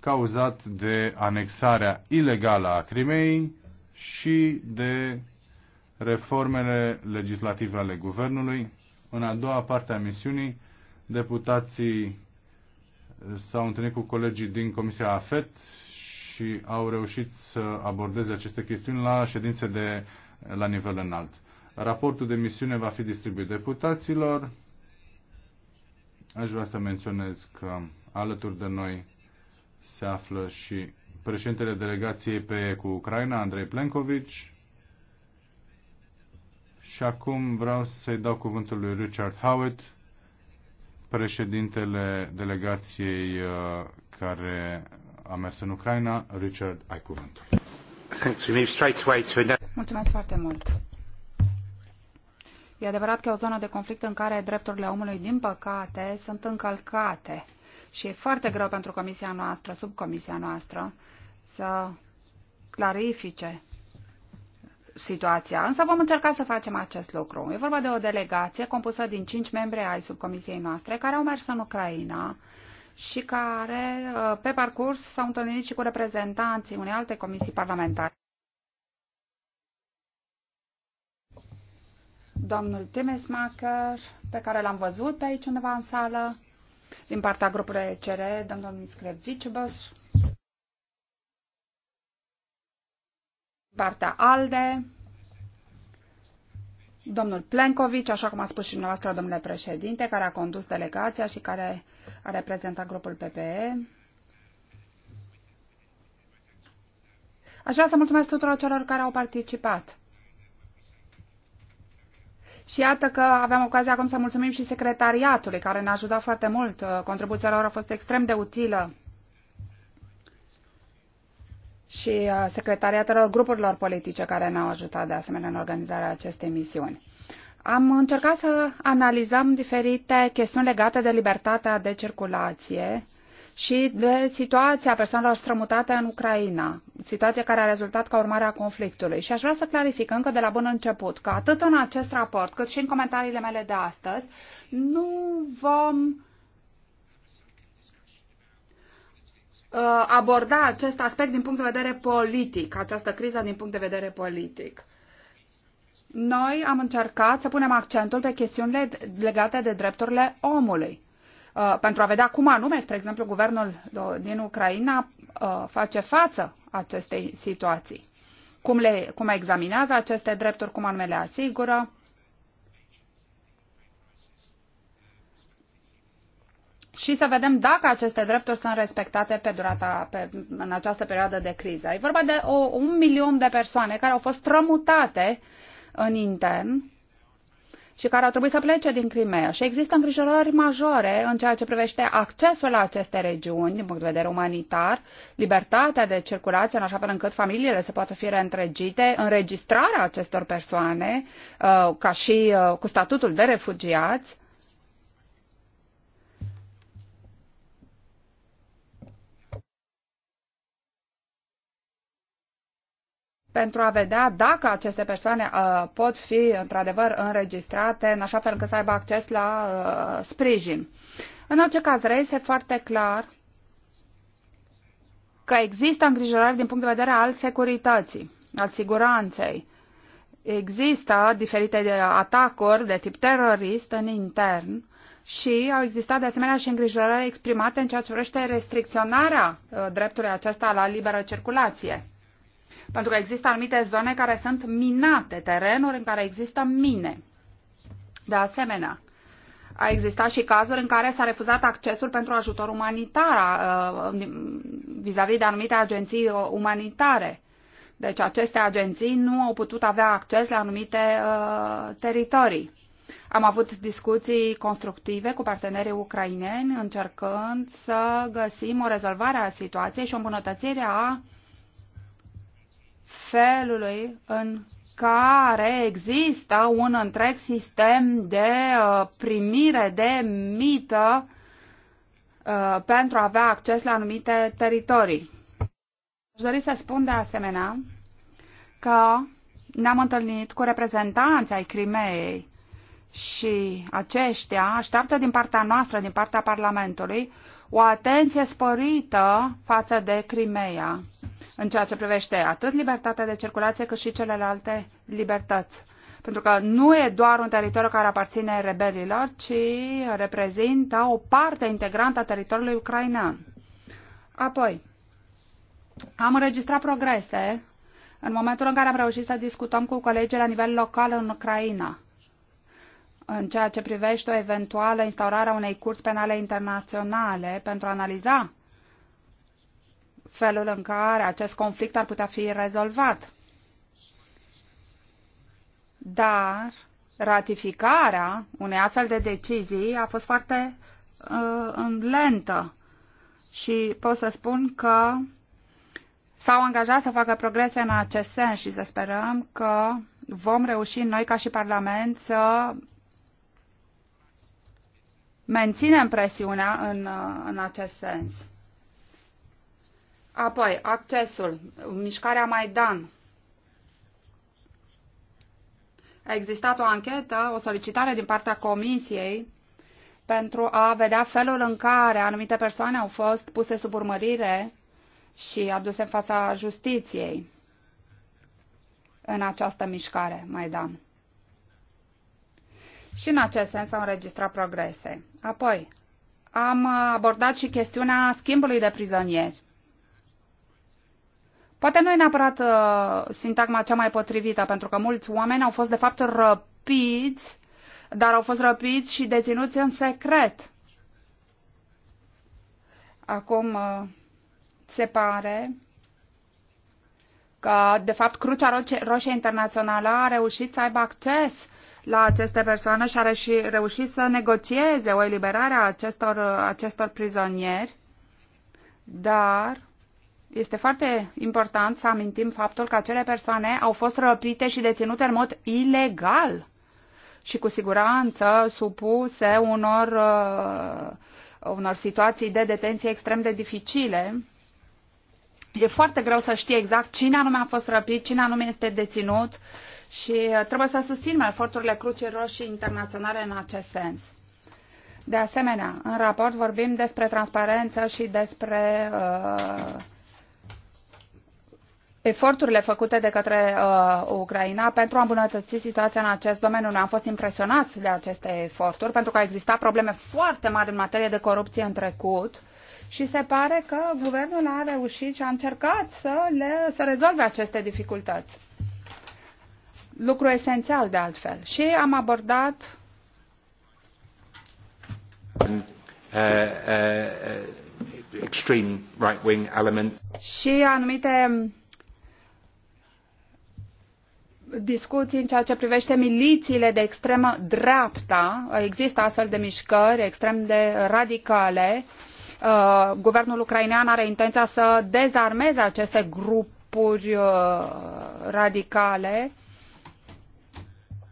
cauzat de anexarea ilegală a Crimei și de reformele legislative ale guvernului. În a doua parte a misiunii, deputații s-au întâlnit cu colegii din Comisia AFET și au reușit să abordeze aceste chestiuni la ședințe de la nivel înalt. Raportul de misiune va fi distribuit deputaților. Aș vrea să menționez că alături de noi se află și președintele delegației pe cu Ucraina, Andrei Plenkovici. Și acum vreau să-i dau cuvântul lui Richard Howitt, președintele delegației uh, care a mers în Ucraina. Richard, ai cuvântul. Mulțumesc foarte mult. E adevărat că e o zonă de conflict în care drepturile omului, din păcate, sunt încălcate. Și e foarte greu pentru comisia noastră, subcomisia noastră, să clarifice situația, însă vom încerca să facem acest lucru. E vorba de o delegație compusă din cinci membri ai subcomisiei noastre care au mers în Ucraina și care uh, pe parcurs s-au întâlnit și cu reprezentanții unei alte comisii parlamentare. Domnul Timesmacher, pe care l-am văzut pe aici undeva în sală, din partea grupului ECR, domnul Miscreviciubăs, partea ALDE, domnul Plenković, așa cum a spus și dumneavoastră, domnule președinte, care a condus delegația și care a reprezentat grupul PPE. Aș vrea să mulțumesc tuturor celor care au participat. Și iată că avem ocazia acum să mulțumim și secretariatului, care ne-a ajutat foarte mult. Contribuția lor a fost extrem de utilă și uh, secretariatelor grupurilor politice care ne-au ajutat de asemenea în organizarea acestei misiuni. Am încercat să analizăm diferite chestiuni legate de libertatea de circulație și de situația persoanelor strămutate în Ucraina, situație care a rezultat ca urmare a conflictului. Și aș vrea să clarific încă de la bun început că atât în acest raport cât și în comentariile mele de astăzi nu vom Uh, aborda acest aspect din punct de vedere politic, această criză din punct de vedere politic. Noi am încercat să punem accentul pe chestiunile legate de drepturile omului. Uh, pentru a vedea cum anume, spre exemplu, guvernul din Ucraina uh, face față acestei situații. Cum, le, cum examinează aceste drepturi, cum anume le asigură și să vedem dacă aceste drepturi sunt respectate pe durata, pe, în această perioadă de criză. E vorba de o, un milion de persoane care au fost strămutate în intern și care au trebuit să plece din Crimea. Și există îngrijorări majore în ceea ce privește accesul la aceste regiuni, din punct de vedere umanitar, libertatea de circulație, în așa fel încât familiile să poată fi reîntregite, înregistrarea acestor persoane, uh, ca și uh, cu statutul de refugiați, pentru a vedea dacă aceste persoane uh, pot fi într-adevăr înregistrate în așa fel încât să aibă acces la uh, sprijin. În orice caz, reiese foarte clar că există îngrijorări din punct de vedere al securității, al siguranței. Există diferite uh, atacuri de tip terorist în intern și au existat de asemenea și îngrijorări exprimate în ceea ce vrește restricționarea uh, dreptului acesta la liberă circulație pentru că există anumite zone care sunt minate, terenuri în care există mine. De asemenea, a existat și cazuri în care s-a refuzat accesul pentru ajutor umanitar vis-a-vis -vis de anumite agenții uh, umanitare. Deci aceste agenții nu au putut avea acces la anumite uh, teritorii. Am avut discuții constructive cu partenerii ucraineni, încercând să găsim o rezolvare a situației și o îmbunătățire a uh, felului în care există un întreg sistem de uh, primire de mită uh, pentru a avea acces la anumite teritorii. Aș dori să spun de asemenea că ne-am întâlnit cu reprezentanții ai Crimeei și aceștia așteaptă din partea noastră, din partea Parlamentului, o atenție sporită față de Crimea în ceea ce privește atât libertatea de circulație cât și celelalte libertăți. Pentru că nu e doar un teritoriu care aparține rebelilor, ci reprezintă o parte integrantă a teritoriului ucrainean. Apoi, am înregistrat progrese în momentul în care am reușit să discutăm cu colegii la nivel local în Ucraina în ceea ce privește o eventuală instaurare a unei curs penale internaționale pentru a analiza felul în care acest conflict ar putea fi rezolvat. Dar ratificarea unei astfel de decizii a fost foarte uh, lentă și pot să spun că s-au angajat să facă progrese în acest sens și să sperăm că vom reuși noi ca și Parlament să menținem presiunea în, uh, în acest sens. Apoi, accesul, mișcarea Maidan. A existat o anchetă, o solicitare din partea Comisiei pentru a vedea felul în care anumite persoane au fost puse sub urmărire și aduse în fața justiției în această mișcare Maidan. Și în acest sens au înregistrat progrese. Apoi, am abordat și chestiunea schimbului de prizonieri. Poate nu e neapărat uh, sintagma cea mai potrivită, pentru că mulți oameni au fost de fapt răpiți, dar au fost răpiți și deținuți în secret. Acum uh, se pare că, de fapt, Crucea Roșie Internațională a reușit să aibă acces la aceste persoane și a reușit să negocieze o eliberare a acestor, uh, acestor prizonieri, dar este foarte important să amintim faptul că acele persoane au fost răpite și deținute în mod ilegal și cu siguranță supuse unor, uh, unor situații de detenție extrem de dificile. E foarte greu să știi exact cine anume a fost răpit, cine anume este deținut și uh, trebuie să susținem eforturile Crucii Roșii Internaționale în acest sens. De asemenea, în raport vorbim despre transparență și despre uh, eforturile făcute de către uh, Ucraina pentru a îmbunătăți situația în acest domeniu. Noi am fost impresionați de aceste eforturi pentru că au existat probleme foarte mari în materie de corupție în trecut și se pare că guvernul a reușit și a încercat să, le, să rezolve aceste dificultăți. Lucru esențial de altfel. Și am abordat um, uh, uh, extreme right-wing element. Și anumite discuții în ceea ce privește milițiile de extremă dreapta. Există astfel de mișcări extrem de radicale. Uh, guvernul ucrainean are intenția să dezarmeze aceste grupuri uh, radicale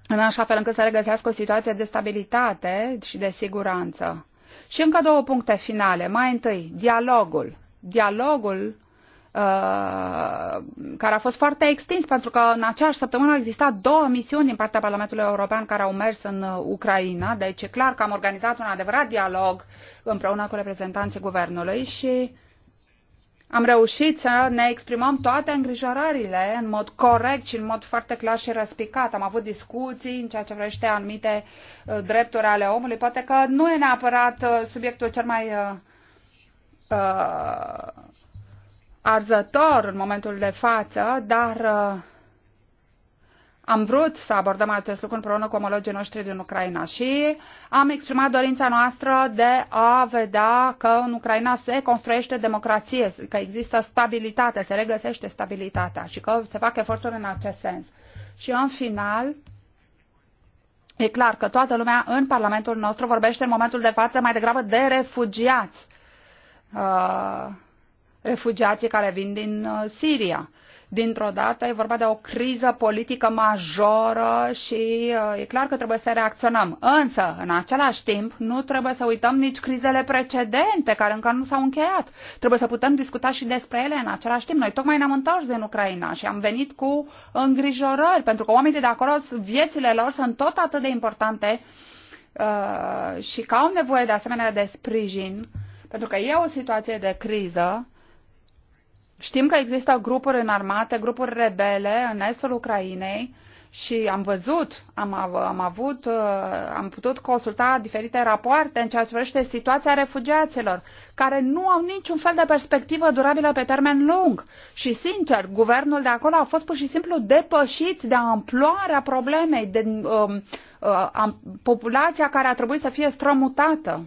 în așa fel încât să regăsească o situație de stabilitate și de siguranță. Și încă două puncte finale. Mai întâi, dialogul. Dialogul Uh, care a fost foarte extins, pentru că în aceeași săptămână au existat două misiuni din partea Parlamentului European care au mers în uh, Ucraina, deci e clar că am organizat un adevărat dialog împreună cu reprezentanții guvernului și am reușit să ne exprimăm toate îngrijorările în mod corect și în mod foarte clar și răspicat. Am avut discuții în ceea ce vrește anumite uh, drepturi ale omului. Poate că nu e neapărat subiectul cel mai uh, arzător în momentul de față, dar uh, am vrut să abordăm acest lucru împreună cu omologii noștri din Ucraina și am exprimat dorința noastră de a vedea că în Ucraina se construiește democrație, că există stabilitate, se regăsește stabilitatea și că se fac eforturi în acest sens. Și în final, e clar că toată lumea în Parlamentul nostru vorbește în momentul de față mai degrabă de refugiați. Uh, refugiații care vin din uh, Siria. Dintr-o dată e vorba de o criză politică majoră și uh, e clar că trebuie să reacționăm. Însă, în același timp, nu trebuie să uităm nici crizele precedente care încă nu s-au încheiat. Trebuie să putem discuta și despre ele în același timp. Noi tocmai ne-am întors din Ucraina și am venit cu îngrijorări, pentru că oamenii de acolo, viețile lor sunt tot atât de importante uh, și că au nevoie de asemenea de sprijin, pentru că e o situație de criză Știm că există grupuri înarmate, grupuri rebele în estul Ucrainei și am văzut, am, am avut, uh, am putut consulta diferite rapoarte în ceea ce privește situația refugiaților, care nu au niciun fel de perspectivă durabilă pe termen lung. Și, sincer, guvernul de acolo a fost pur și simplu depășit de amploarea problemei, de um, uh, um, populația care a trebuit să fie strămutată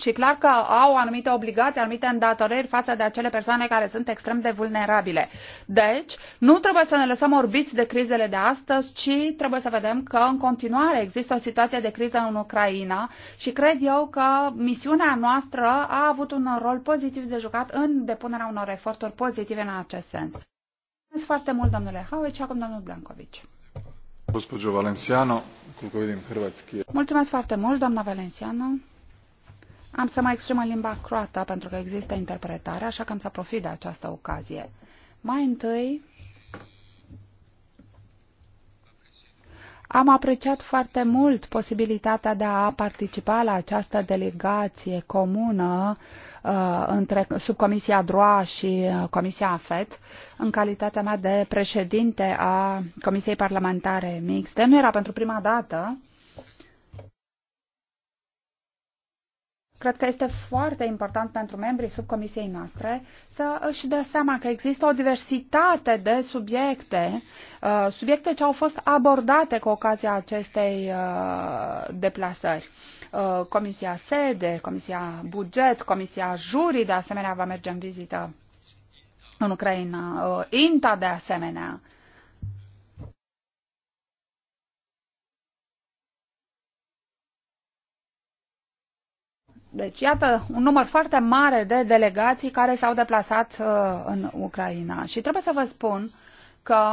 și clar că au anumite obligații, anumite îndatoriri față de acele persoane care sunt extrem de vulnerabile. Deci, nu trebuie să ne lăsăm orbiți de crizele de astăzi, ci trebuie să vedem că în continuare există o situație de criză în Ucraina și cred eu că misiunea noastră a avut un rol pozitiv de jucat în depunerea unor eforturi pozitive în acest sens. Mulțumesc foarte mult, domnule Howitt și acum domnul Blancovici. Mulțumesc foarte mult, doamna Valenciano. Am să mă exprim în limba croată pentru că există interpretare, așa că am să profit de această ocazie. Mai întâi, Am apreciat foarte mult posibilitatea de a participa la această delegație comună uh, între subcomisia DROA și uh, Comisia AFET în calitatea mea de președinte a Comisiei Parlamentare Mixte. Nu era pentru prima dată Cred că este foarte important pentru membrii subcomisiei noastre să își dea seama că există o diversitate de subiecte, uh, subiecte ce au fost abordate cu ocazia acestei uh, deplasări. Uh, Comisia Sede, Comisia Buget, Comisia Jurii, de asemenea, va merge în vizită în Ucraina, INTA, de asemenea. Deci, iată, un număr foarte mare de delegații care s-au deplasat uh, în Ucraina. Și trebuie să vă spun că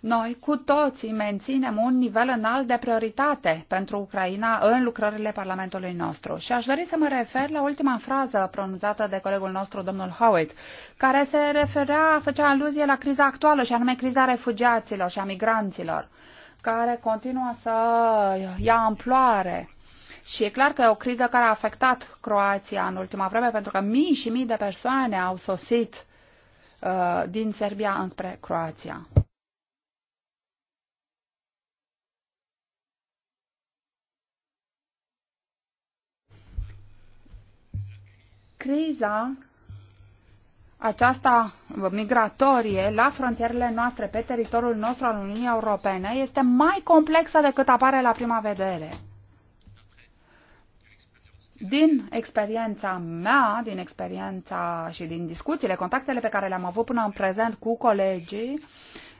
noi cu toții menținem un nivel înalt de prioritate pentru Ucraina în lucrările Parlamentului nostru. Și aș dori să mă refer la ultima frază pronunțată de colegul nostru, domnul Howitt, care se referea, făcea aluzie la criza actuală și anume criza refugiaților și a migranților care continuă să ia amploare și e clar că e o criză care a afectat Croația în ultima vreme, pentru că mii și mii de persoane au sosit uh, din Serbia înspre Croația. Criza aceasta migratorie la frontierele noastre, pe teritoriul nostru al Uniunii Europene, este mai complexă decât apare la prima vedere. Din experiența mea, din experiența și din discuțiile, contactele pe care le-am avut până în prezent cu colegii,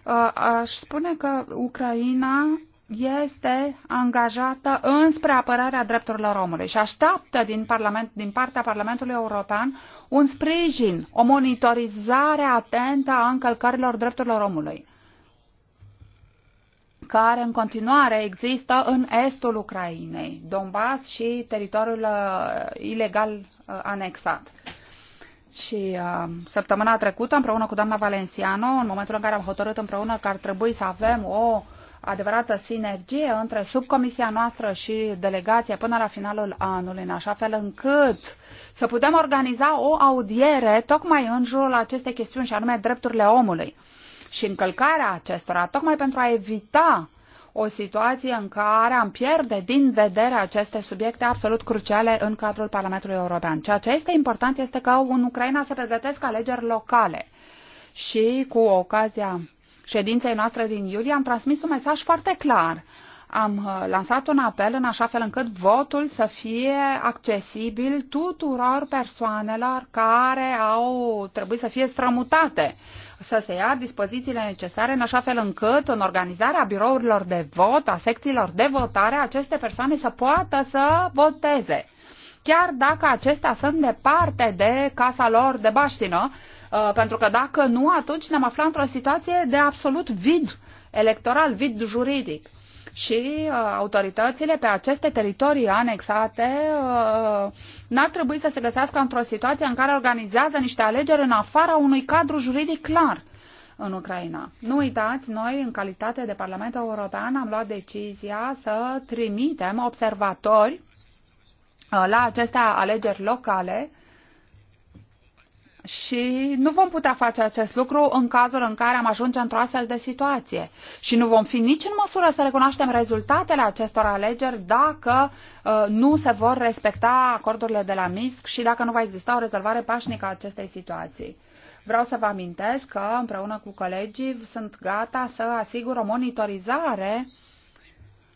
uh, aș spune că Ucraina este angajată înspre apărarea drepturilor omului și așteaptă din, Parlament, din partea Parlamentului European un sprijin, o monitorizare atentă a încălcărilor drepturilor omului care în continuare există în estul Ucrainei, Donbass și teritoriul uh, ilegal uh, anexat. Și uh, săptămâna trecută, împreună cu doamna Valenciano, în momentul în care am hotărât împreună că ar trebui să avem o adevărată sinergie între subcomisia noastră și delegația până la finalul anului, în așa fel încât să putem organiza o audiere tocmai în jurul acestei chestiuni, și anume drepturile omului. Uh, și încălcarea acestora, tocmai pentru a evita o situație în care am pierde din vedere aceste subiecte absolut cruciale în cadrul Parlamentului European. Ceea ce este important este că în Ucraina se pregătesc alegeri locale și cu ocazia ședinței noastre din iulie am transmis un mesaj foarte clar. Am uh, lansat un apel în așa fel încât votul să fie accesibil tuturor persoanelor care au trebuit să fie strămutate să se ia dispozițiile necesare în așa fel încât în organizarea birourilor de vot, a secțiilor de votare, aceste persoane să poată să voteze. Chiar dacă acestea sunt departe de casa lor de baștină, uh, pentru că dacă nu, atunci ne-am aflat într-o situație de absolut vid electoral, vid juridic și uh, autoritățile pe aceste teritorii anexate uh, n-ar trebui să se găsească într-o situație în care organizează niște alegeri în afara unui cadru juridic clar în Ucraina. Nu uitați, noi, în calitate de Parlament European, am luat decizia să trimitem observatori uh, la aceste alegeri locale și nu vom putea face acest lucru în cazul în care am ajunge într-o astfel de situație. Și nu vom fi nici în măsură să recunoaștem rezultatele acestor alegeri dacă uh, nu se vor respecta acordurile de la Minsk și dacă nu va exista o rezolvare pașnică a acestei situații. Vreau să vă amintesc că împreună cu colegii sunt gata să asigur o monitorizare uh,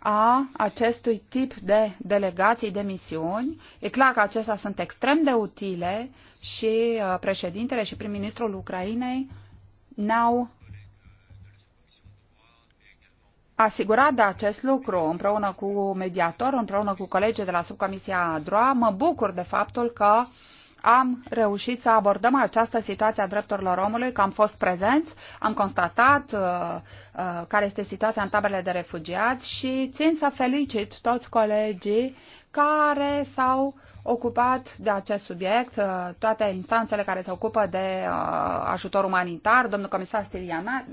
a acestui tip de delegații de misiuni. E clar că acestea sunt extrem de utile și uh, președintele și prim-ministrul Ucrainei ne-au asigurat de acest lucru împreună cu mediatorul, împreună cu colegii de la subcomisia DROA. Mă bucur de faptul că uh, am reușit să abordăm această situație a drepturilor omului, că am fost prezenți, am constatat uh, uh, care este situația în taberele de refugiați și țin să felicit toți colegii care s-au ocupat de acest subiect, uh, toate instanțele care se ocupă de uh, ajutor umanitar, domnul comisar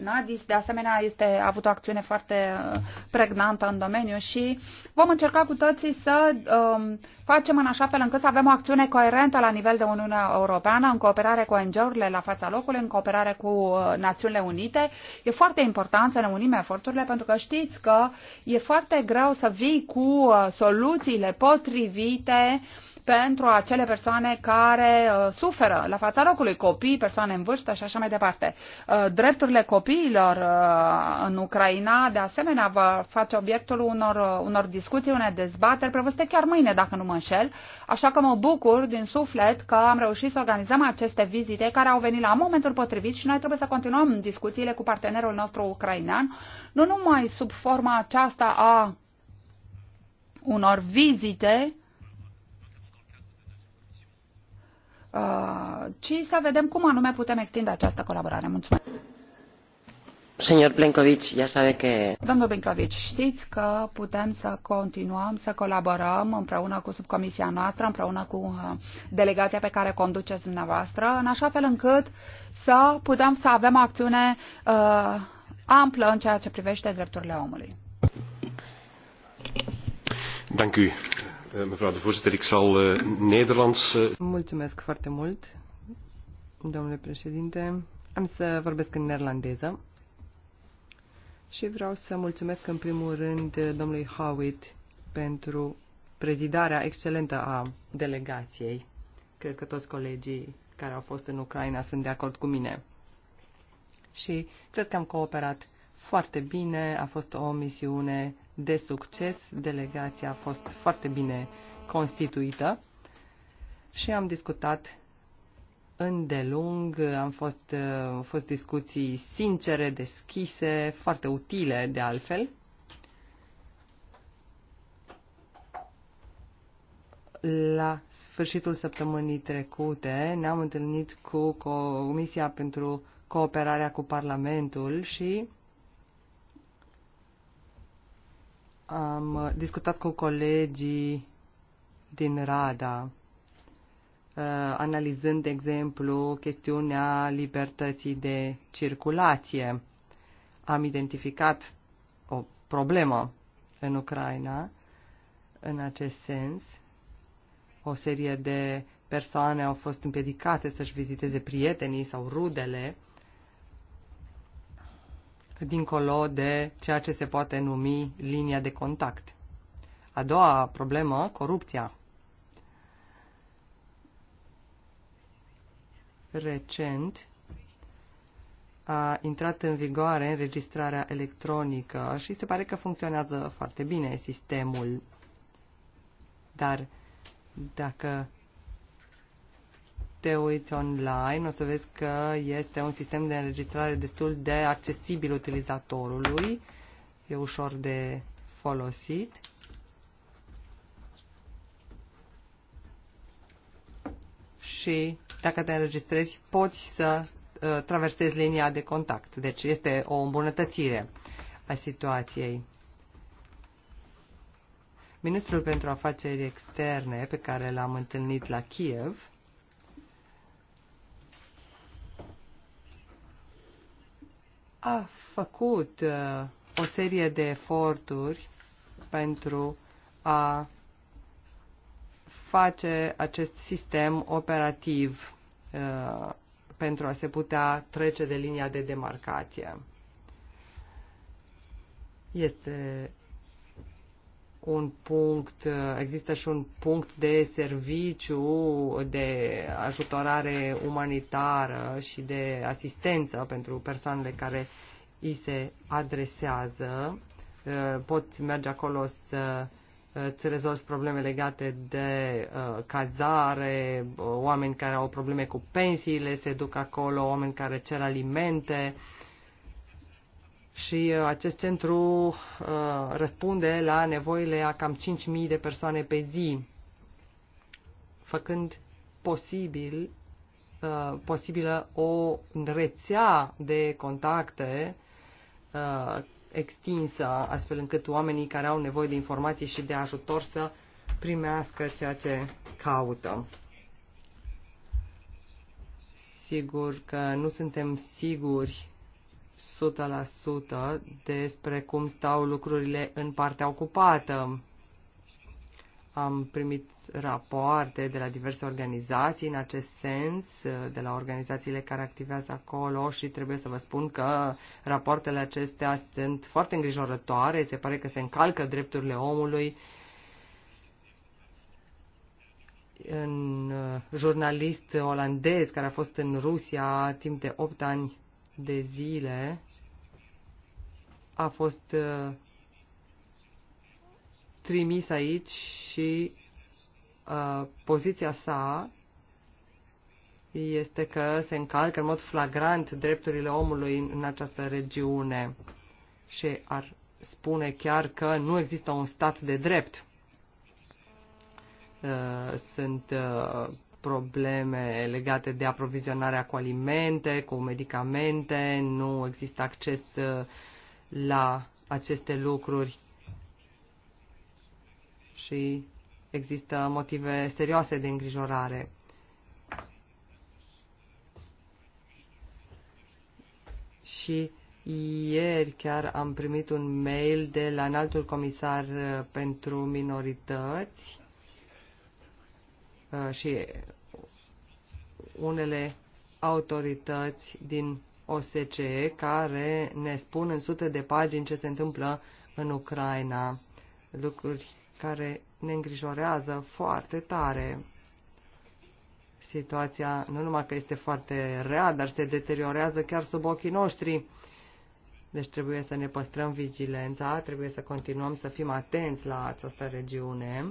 Nadis, de asemenea, este, a avut o acțiune foarte uh, pregnantă în domeniu și vom încerca cu toții să um, facem în așa fel încât să avem o acțiune coerentă la nivel de Uniunea Europeană, în cooperare cu ONG-urile la fața locului, în cooperare cu Națiunile Unite. E foarte important să ne unim eforturile, pentru că știți că e foarte greu să vii cu soluțiile post potrivite pentru acele persoane care uh, suferă la fața locului, copii, persoane în vârstă și așa mai departe. Uh, drepturile copiilor uh, în Ucraina, de asemenea, va face obiectul unor, uh, unor discuții, unei dezbateri prevăzute chiar mâine, dacă nu mă înșel. Așa că mă bucur din suflet că am reușit să organizăm aceste vizite care au venit la momentul potrivit și noi trebuie să continuăm discuțiile cu partenerul nostru ucrainean, nu numai sub forma aceasta a unor vizite, uh, ci să vedem cum anume putem extinde această colaborare. Mulțumesc! Señor Plenković, ya sabe que... Domnul Plenković, știți că putem să continuăm să colaborăm împreună cu subcomisia noastră, împreună cu uh, delegația pe care conduceți dumneavoastră, în așa fel încât să putem să avem acțiune uh, amplă în ceea ce privește drepturile omului. Dank u, eh, mevrouw de voorzitter. Ik zal eh, Nederlands... Eh, mulțumesc foarte mult, domnule președinte. Am să vorbesc în neerlandeză. Și vreau să mulțumesc în primul rând domnului Howitt pentru prezidarea excelentă a delegației. Cred că toți colegii care au fost în Ucraina sunt de acord cu mine. Și cred că am cooperat foarte bine, a fost o misiune de succes. Delegația a fost foarte bine constituită și am discutat îndelung, am fost, uh, au fost discuții sincere, deschise, foarte utile de altfel. La sfârșitul săptămânii trecute ne-am întâlnit cu Comisia pentru Cooperarea cu Parlamentul și Am discutat cu colegii din Rada, uh, analizând, de exemplu, chestiunea libertății de circulație. Am identificat o problemă în Ucraina în acest sens. O serie de persoane au fost împiedicate să-și viziteze prietenii sau rudele dincolo de ceea ce se poate numi linia de contact. A doua problemă, corupția. Recent a intrat în vigoare înregistrarea electronică și se pare că funcționează foarte bine sistemul. Dar dacă te uiți online, o să vezi că este un sistem de înregistrare destul de accesibil utilizatorului. E ușor de folosit. Și dacă te înregistrezi, poți să uh, traversezi linia de contact. Deci este o îmbunătățire a situației. Ministrul pentru afaceri externe pe care l-am întâlnit la Kiev a făcut uh, o serie de eforturi pentru a face acest sistem operativ uh, pentru a se putea trece de linia de demarcație. Este un punct, există și un punct de serviciu, de ajutorare umanitară și de asistență pentru persoanele care îi se adresează. Uh, Poți merge acolo să îți uh, rezolvi probleme legate de uh, cazare, oameni care au probleme cu pensiile se duc acolo, oameni care cer alimente, și uh, acest centru uh, răspunde la nevoile a cam 5.000 de persoane pe zi, făcând posibil, uh, posibilă o rețea de contacte extinsă, astfel încât oamenii care au nevoie de informații și de ajutor să primească ceea ce caută. Sigur că nu suntem siguri 100% despre cum stau lucrurile în partea ocupată. Am primit rapoarte de la diverse organizații în acest sens, de la organizațiile care activează acolo și trebuie să vă spun că rapoartele acestea sunt foarte îngrijorătoare, se pare că se încalcă drepturile omului un uh, jurnalist olandez care a fost în Rusia timp de 8 ani de zile a fost uh, trimis aici și uh, poziția sa este că se încalcă în mod flagrant drepturile omului în această regiune și ar spune chiar că nu există un stat de drept. Uh, sunt probleme legate de aprovizionarea cu alimente, cu medicamente, nu există acces uh, la aceste lucruri și există motive serioase de îngrijorare. Și ieri chiar am primit un mail de la înaltul comisar uh, pentru minorități Uh, și unele autorități din OSCE care ne spun în sute de pagini ce se întâmplă în Ucraina, lucruri care ne îngrijorează foarte tare. Situația nu numai că este foarte rea, dar se deteriorează chiar sub ochii noștri. Deci trebuie să ne păstrăm vigilența, trebuie să continuăm să fim atenți la această regiune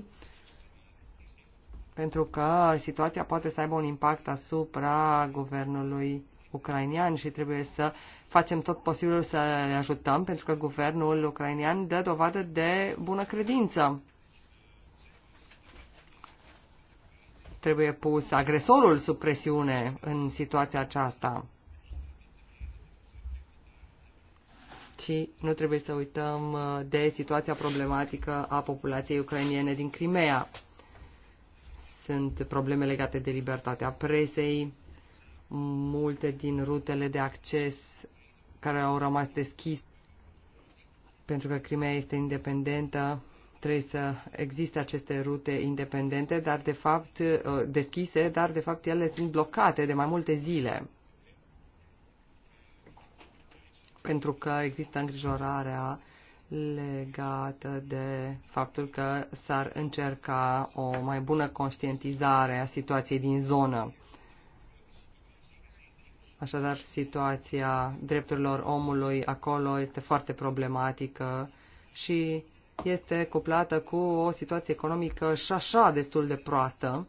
pentru că situația poate să aibă un impact asupra guvernului ucrainian și trebuie să facem tot posibilul să le ajutăm, pentru că guvernul ucrainian dă dovadă de bună credință. Trebuie pus agresorul sub presiune în situația aceasta. Și nu trebuie să uităm uh, de situația problematică a populației ucrainiene din Crimea sunt probleme legate de libertatea presei, multe din rutele de acces care au rămas deschise pentru că Crimea este independentă, trebuie să existe aceste rute independente, dar de fapt uh, deschise, dar de fapt ele sunt blocate de mai multe zile. Pentru că există îngrijorarea legată de faptul că s-ar încerca o mai bună conștientizare a situației din zonă. Așadar, situația drepturilor omului acolo este foarte problematică și este cuplată cu o situație economică și așa destul de proastă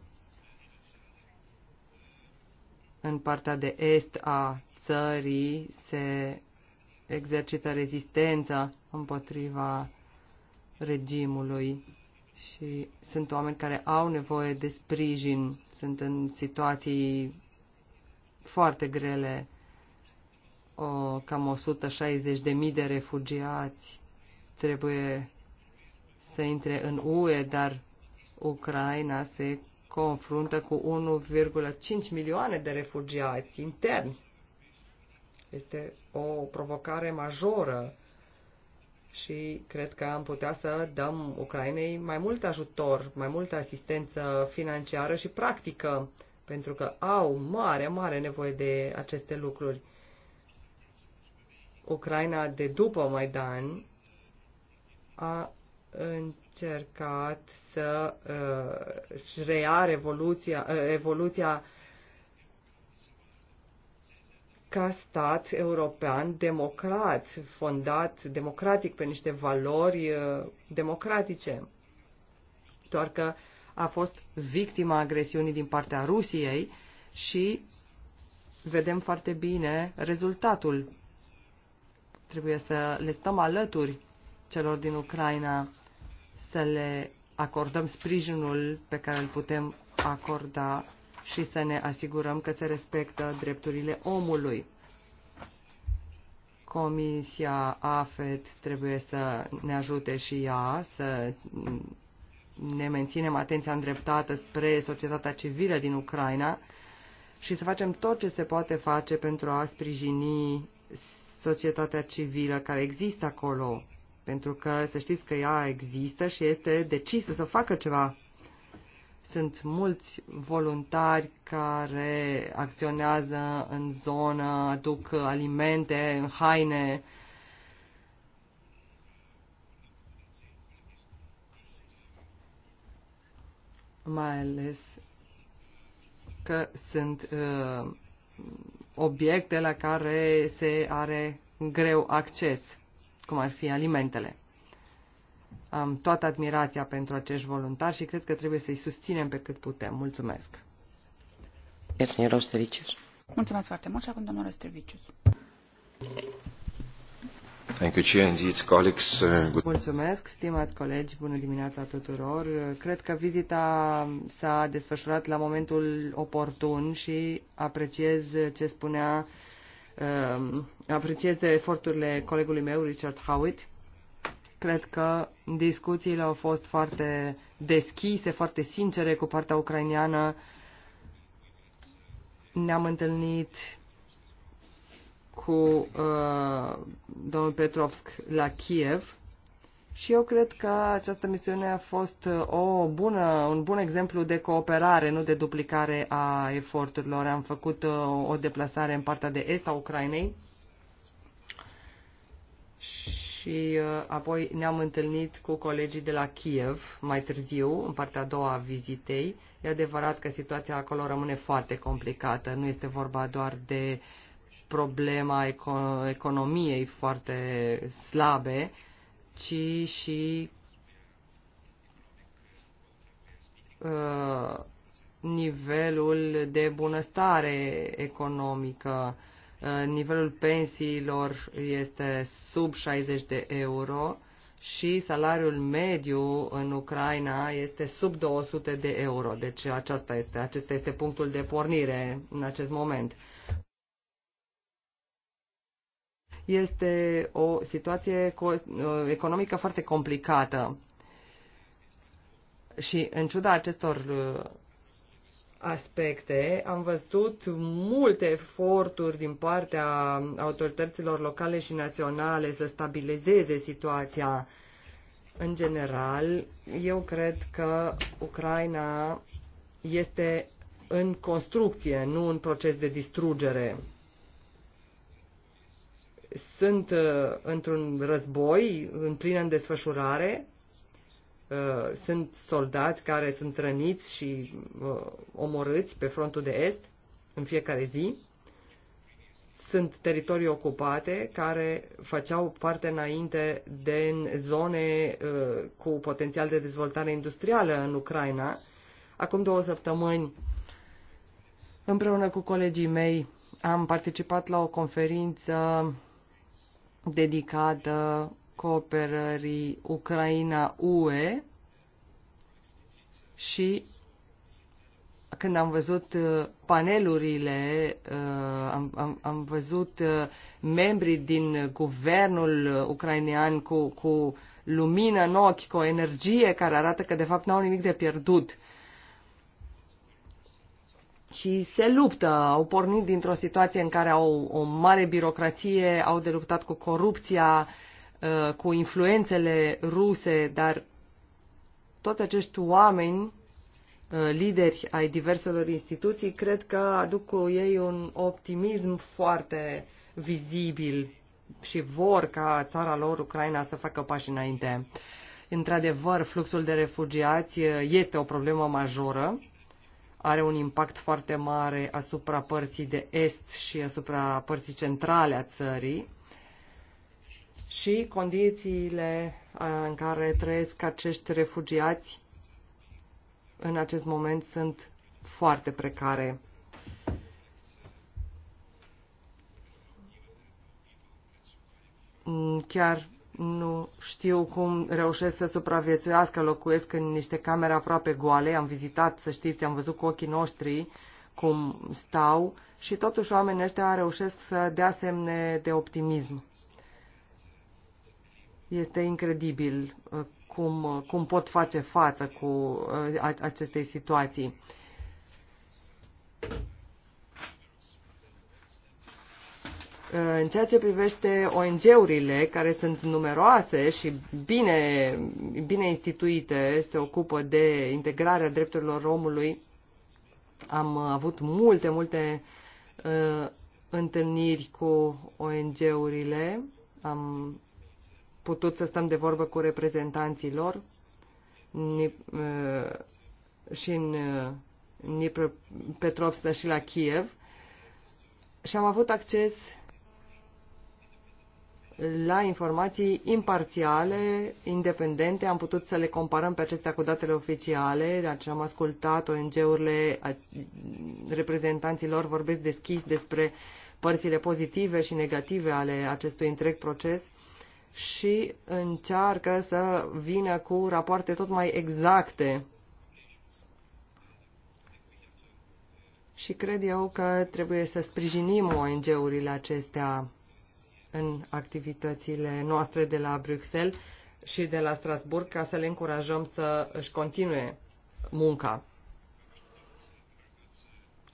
în partea de est a țării se exercită rezistența împotriva regimului și sunt oameni care au nevoie de sprijin, sunt în situații foarte grele, o, cam 160.000 de refugiați trebuie să intre în UE, dar Ucraina se confruntă cu 1,5 milioane de refugiați interni. Este o provocare majoră și cred că am putea să dăm Ucrainei mai mult ajutor, mai multă asistență financiară și practică, pentru că au mare, mare nevoie de aceste lucruri. Ucraina de după Maidan a încercat să uh, reia revoluția, uh, evoluția ca stat european democrat, fondat democratic pe niște valori uh, democratice. Doar că a fost victima agresiunii din partea Rusiei și vedem foarte bine rezultatul. Trebuie să le stăm alături celor din Ucraina, să le acordăm sprijinul pe care îl putem acorda și să ne asigurăm că se respectă drepturile omului. Comisia AFET trebuie să ne ajute și ea să ne menținem atenția îndreptată spre societatea civilă din Ucraina și să facem tot ce se poate face pentru a sprijini societatea civilă care există acolo. Pentru că să știți că ea există și este decisă să facă ceva sunt mulți voluntari care acționează în zonă, aduc alimente, haine. Mai ales că sunt uh, obiecte la care se are greu acces, cum ar fi alimentele am toată admirația pentru acești voluntari și cred că trebuie să-i susținem pe cât putem. Mulțumesc! Mulțumesc foarte mult și acum domnul Ostervicius. Thank you, Chair, indeed, colleagues. Uh, Mulțumesc, stimați colegi, bună dimineața tuturor. Cred că vizita s-a desfășurat la momentul oportun și apreciez ce spunea, um, apreciez eforturile colegului meu, Richard Howitt, Cred că discuțiile au fost foarte deschise, foarte sincere cu partea ucraineană. Ne-am întâlnit cu uh, domnul Petrovsk la Kiev și eu cred că această misiune a fost uh, o bună, un bun exemplu de cooperare, nu de duplicare a eforturilor. Am făcut uh, o deplasare în partea de est a Ucrainei și și uh, apoi ne-am întâlnit cu colegii de la Kiev mai târziu, în partea a doua a vizitei. E adevărat că situația acolo rămâne foarte complicată. Nu este vorba doar de problema eco- economiei foarte slabe, ci și uh, nivelul de bunăstare economică uh, nivelul pensiilor este sub 60 de euro și salariul mediu în Ucraina este sub 200 de euro. Deci aceasta este, acesta este punctul de pornire în acest moment. Este o situație uh, economică foarte complicată. Și în ciuda acestor uh, aspecte. Am văzut multe eforturi din partea autorităților locale și naționale să stabilizeze situația. În general, eu cred că Ucraina este în construcție, nu în proces de distrugere. Sunt uh, într-un război în plină desfășurare, Uh, sunt soldați care sunt răniți și uh, omorâți pe frontul de est în fiecare zi. Sunt teritorii ocupate care făceau parte înainte din zone uh, cu potențial de dezvoltare industrială în Ucraina. Acum două săptămâni, împreună cu colegii mei, am participat la o conferință dedicată cooperării Ucraina-UE și când am văzut uh, panelurile, uh, am, am, am văzut uh, membrii din guvernul ucrainean cu, cu lumină în ochi, cu o energie care arată că de fapt n-au nimic de pierdut. Și se luptă, au pornit dintr-o situație în care au o mare birocrație, au de luptat cu corupția, uh, Uh, cu influențele ruse, dar toți acești oameni, uh, lideri ai diverselor instituții, cred că aduc cu ei un optimism foarte vizibil și vor ca țara lor, Ucraina, să facă pași înainte. Într-adevăr, fluxul de refugiați uh, este o problemă majoră, are un impact foarte mare asupra părții de est și asupra părții centrale a țării și condițiile în care trăiesc acești refugiați în acest moment sunt foarte precare. Mm, chiar nu știu cum reușesc să supraviețuiască, locuiesc în niște camere aproape goale, am vizitat, să știți, am văzut cu ochii noștri cum stau și totuși oamenii ăștia reușesc să dea semne de optimism. Este incredibil uh, cum, uh, cum pot face față cu uh, acestei situații. În ceea ce privește ONG-urile, care sunt numeroase și bine, bine instituite, se ocupă de integrarea drepturilor omului, am avut multe, multe uh, întâlniri cu ONG-urile, am putut să stăm de vorbă cu reprezentanții lor uh, și în uh, Dnipropetrovsk și la Kiev și am avut acces la informații imparțiale, independente. Am putut să le comparăm pe acestea cu datele oficiale, deci am ascultat ONG-urile, reprezentanților vorbesc deschis despre părțile pozitive și negative ale acestui întreg proces și încearcă să vină cu rapoarte tot mai exacte. Și cred eu că trebuie să sprijinim ONG-urile acestea în activitățile noastre de la Bruxelles și de la Strasburg ca să le încurajăm să își continue munca.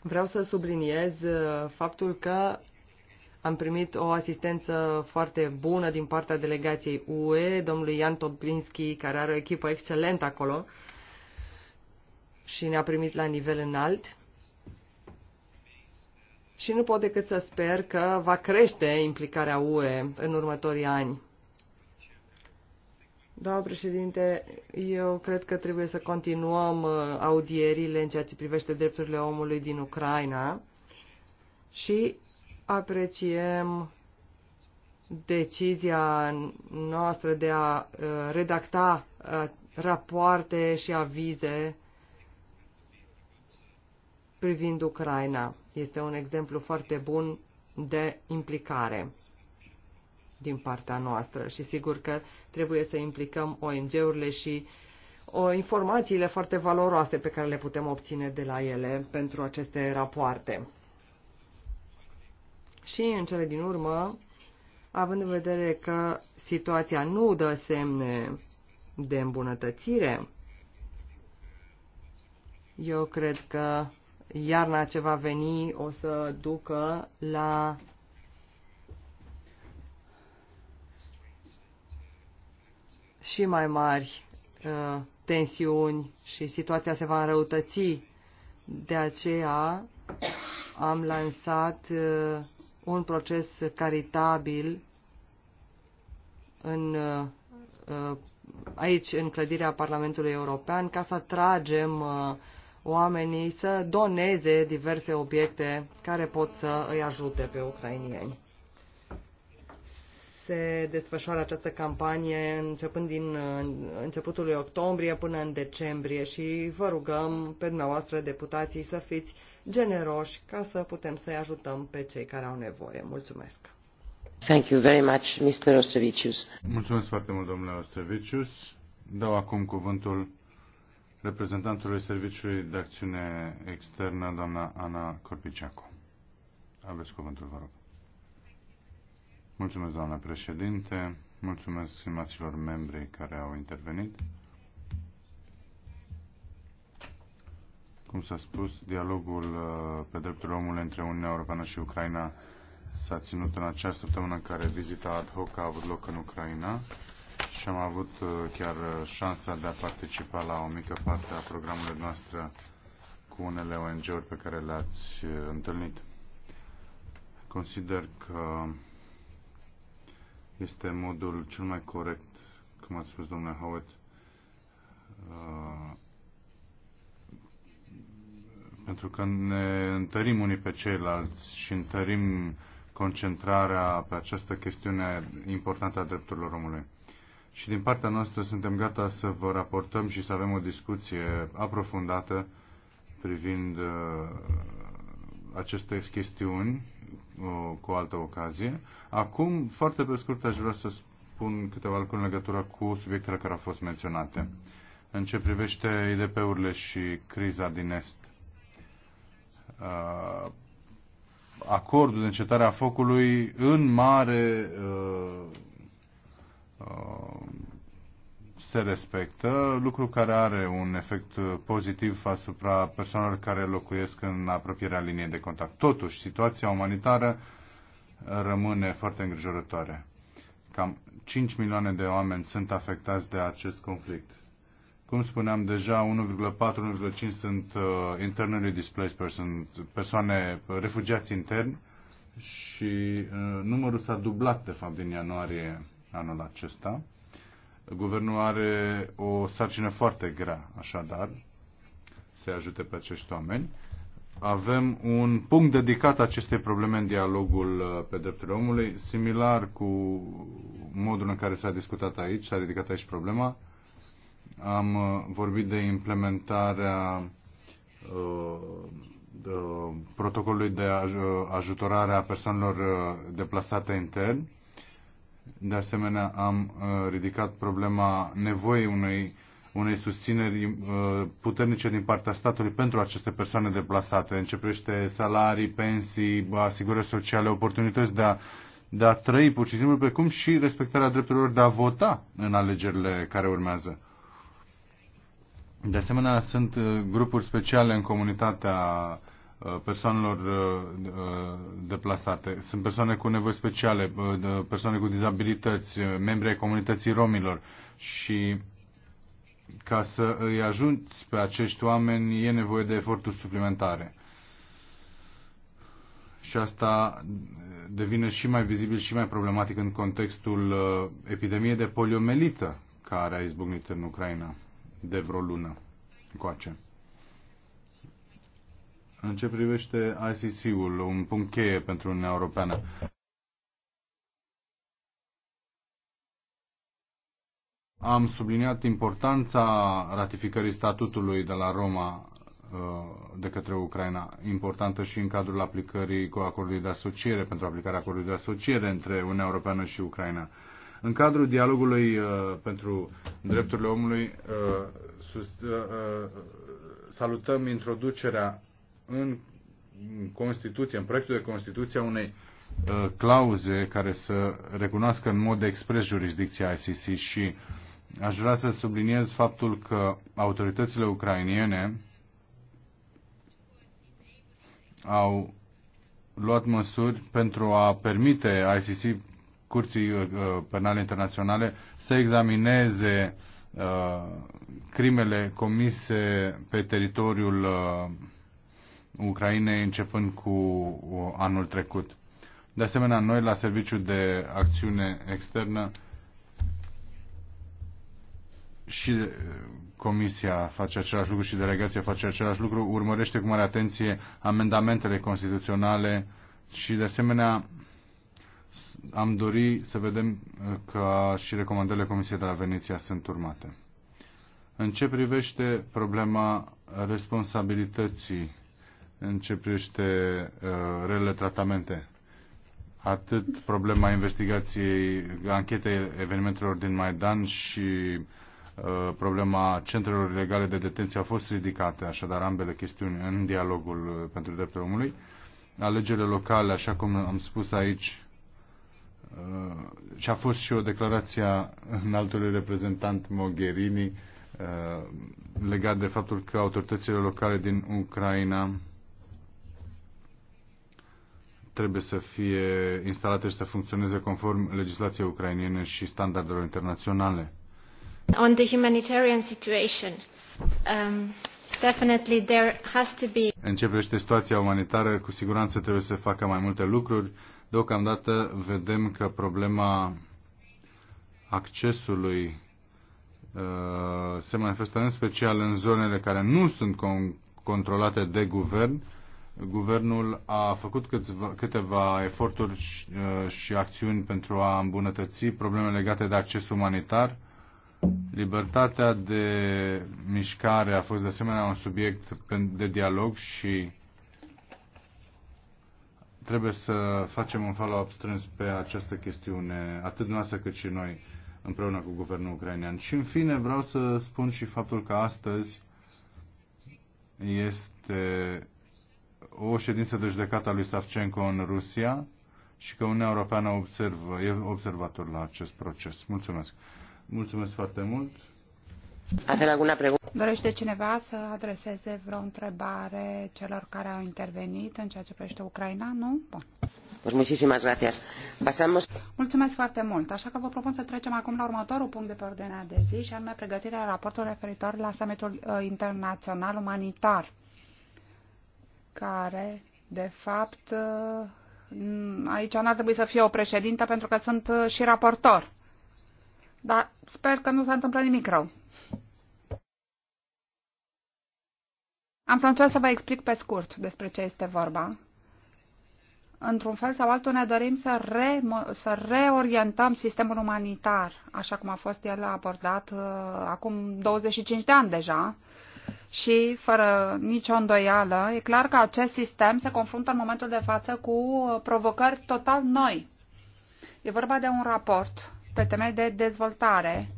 Vreau să subliniez faptul că am primit o asistență foarte bună din partea delegației UE, domnului Ian Toblinski, care are o echipă excelentă acolo și ne-a primit la nivel înalt. Și nu pot decât să sper că va crește implicarea UE în următorii ani. Doamna președinte, eu cred că trebuie să continuăm uh, audierile în ceea ce privește drepturile omului din Ucraina și apreciem decizia noastră de a uh, redacta uh, rapoarte și avize privind Ucraina. Este un exemplu foarte bun de implicare din partea noastră și sigur că trebuie să implicăm ONG-urile și o, informațiile foarte valoroase pe care le putem obține de la ele pentru aceste rapoarte. Și, în cele din urmă, având în vedere că situația nu dă semne de îmbunătățire, eu cred că iarna ce va veni o să ducă la și mai mari uh, tensiuni și situația se va înrăutăți. De aceea am lansat uh, un proces caritabil în, uh, aici, în clădirea Parlamentului European, ca să atragem uh, oamenii să doneze diverse obiecte care pot să îi ajute pe ucrainieni. Se desfășoară această campanie începând din uh, începutul octombrie până în decembrie și vă rugăm pe dumneavoastră, deputații, să fiți uh, generoși ca să putem să-i ajutăm pe cei care au nevoie. Mulțumesc! Thank you very much, Mr. Ostrevicius. Mulțumesc foarte mult, domnule Ostrevicius. Dau acum cuvântul reprezentantului Serviciului de Acțiune Externă, doamna Ana Corpiciacu. Aveți cuvântul, vă rog. Mulțumesc, doamna președinte. Mulțumesc stimaților membri care au intervenit. cum s-a spus, dialogul uh, pe drepturile omului între Uniunea Europeană și Ucraina s-a ținut în acea săptămână în care vizita ad hoc a avut loc în Ucraina și am avut uh, chiar uh, șansa de a participa la o mică parte a programului noastră cu unele ONG-uri pe care le-ați întâlnit. Consider că este modul cel mai corect, cum a spus domnule Howard, pentru că ne întărim unii pe ceilalți și întărim concentrarea pe această chestiune importantă a drepturilor omului. Și din partea noastră suntem gata să vă raportăm și să avem o discuție aprofundată privind uh, aceste chestiuni uh, cu altă ocazie. Acum, foarte pe scurt, aș vrea să spun câteva lucruri în legătură cu subiectele care au fost menționate. În ce privește IDP-urile și criza din Est, uh, acordul de încetare a focului în mare uh, uh, se respectă, lucru care are un efect pozitiv asupra persoanelor care locuiesc în apropierea liniei de contact. Totuși, situația umanitară rămâne foarte îngrijorătoare. Cam 5 milioane de oameni sunt afectați de acest conflict. Cum spuneam deja, 1,4-1,5 sunt uh, internally displaced persons, persoane, uh, refugiați interni și uh, numărul s-a dublat, de fapt, din ianuarie anul acesta. Guvernul are o sarcină foarte grea, așadar, să ajute pe acești oameni. Avem un punct dedicat acestei probleme în dialogul uh, pe drepturile omului, similar cu modul în care s-a discutat aici, s-a ridicat aici problema am uh, vorbit de implementarea uh, protocolului de uh, ajutorare a persoanelor deplasate intern. De asemenea, am ridicat problema nevoii unei, unei susțineri puternice din partea statului pentru aceste persoane deplasate. Începește salarii, pensii, asigurări sociale, oportunități de a, de a trăi pur și simplu, precum și respectarea drepturilor de a vota în alegerile care urmează. De asemenea, sunt uh, grupuri speciale în comunitatea uh, persoanelor uh, deplasate. Sunt persoane cu nevoi speciale, persoane cu dizabilități, membri ai comunității romilor și ca să îi ajungi pe acești oameni e nevoie de eforturi suplimentare. Și asta devine și mai vizibil și mai problematic în contextul epidemiei de poliomelită care a izbucnit în Ucraina de vreo lună ace. În ce privește ICC-ul, un punct cheie pentru Uniunea Europeană. Am subliniat importanța ratificării statutului de la Roma uh, de către Ucraina, importantă și în cadrul aplicării cu acordului de asociere, pentru aplicarea acordului de asociere între Uniunea Europeană și Ucraina. În cadrul dialogului uh, pentru drepturile omului, uh, sus, uh, uh, salutăm introducerea în Constituție, în proiectul de Constituție a unei uh, clauze care să recunoască în mod expres jurisdicția ICC și aș vrea să subliniez faptul că autoritățile ucrainiene au luat măsuri pentru a permite ICC Curții uh, Penale Internaționale să examineze uh, crimele comise pe teritoriul uh, Ucrainei începând cu anul trecut. De asemenea, noi la Serviciul de Acțiune Externă și Comisia face același lucru și delegația face același lucru, urmărește cu mare atenție amendamentele constituționale și, de asemenea, am dori să vedem uh, că și recomandările Comisiei de la Veneția sunt urmate. În ce privește problema responsabilității, în ce privește uh, relele tratamente, atât problema investigației, anchetei evenimentelor din Maidan și uh, problema centrelor legale de detenție au fost ridicate, așadar ambele chestiuni în dialogul uh, pentru drepturile omului. Alegerile locale, așa cum am spus aici, Uh, și a fost și o declarație a înaltului reprezentant Mogherini uh, legat de faptul că autoritățile locale din Ucraina trebuie să fie instalate și să funcționeze conform legislației ucrainiene și standardelor internaționale. On the humanitarian situation, um, definitely there has to be... În ce privește situația umanitară, cu siguranță trebuie să facă mai multe lucruri. Uh, Deocamdată vedem că problema accesului uh, se manifestă în special în zonele care nu sunt controlate de guvern. Guvernul a făcut câțiva, câteva eforturi și, uh, și acțiuni pentru a îmbunătăți probleme legate de acces umanitar. Libertatea de mișcare a fost de asemenea un subiect de dialog și trebuie să facem un follow-up strâns pe această chestiune, atât noastră cât și noi, împreună cu guvernul ucrainean. Și în fine vreau să spun și faptul că astăzi este o ședință de judecată a lui Savchenko în Rusia și că Uniunea Europeană observă, e observator la acest proces. Mulțumesc! Mulțumesc foarte mult! Dorește cineva să adreseze vreo întrebare celor care au intervenit în ceea ce privește Ucraina? Nu? Bun. Pues muchísimas gracias. Pasamos... Mulțumesc foarte mult. Așa că vă propun să trecem acum la următorul punct de pe ordinea de zi și anume pregătirea raportului referitor la summitul uh, internațional umanitar care de fapt uh, aici n-ar trebui să fie o președintă pentru că sunt uh, și raportor. Dar sper că nu s-a întâmplat nimic rău. Am să încerc să vă explic pe scurt despre ce este vorba. Într-un fel sau altul ne dorim să, re, să reorientăm sistemul umanitar, așa cum a fost el abordat uh, acum 25 de ani deja, și, fără nicio îndoială, e clar că acest sistem se confruntă în momentul de față cu uh, provocări total noi. E vorba de un raport pe teme de dezvoltare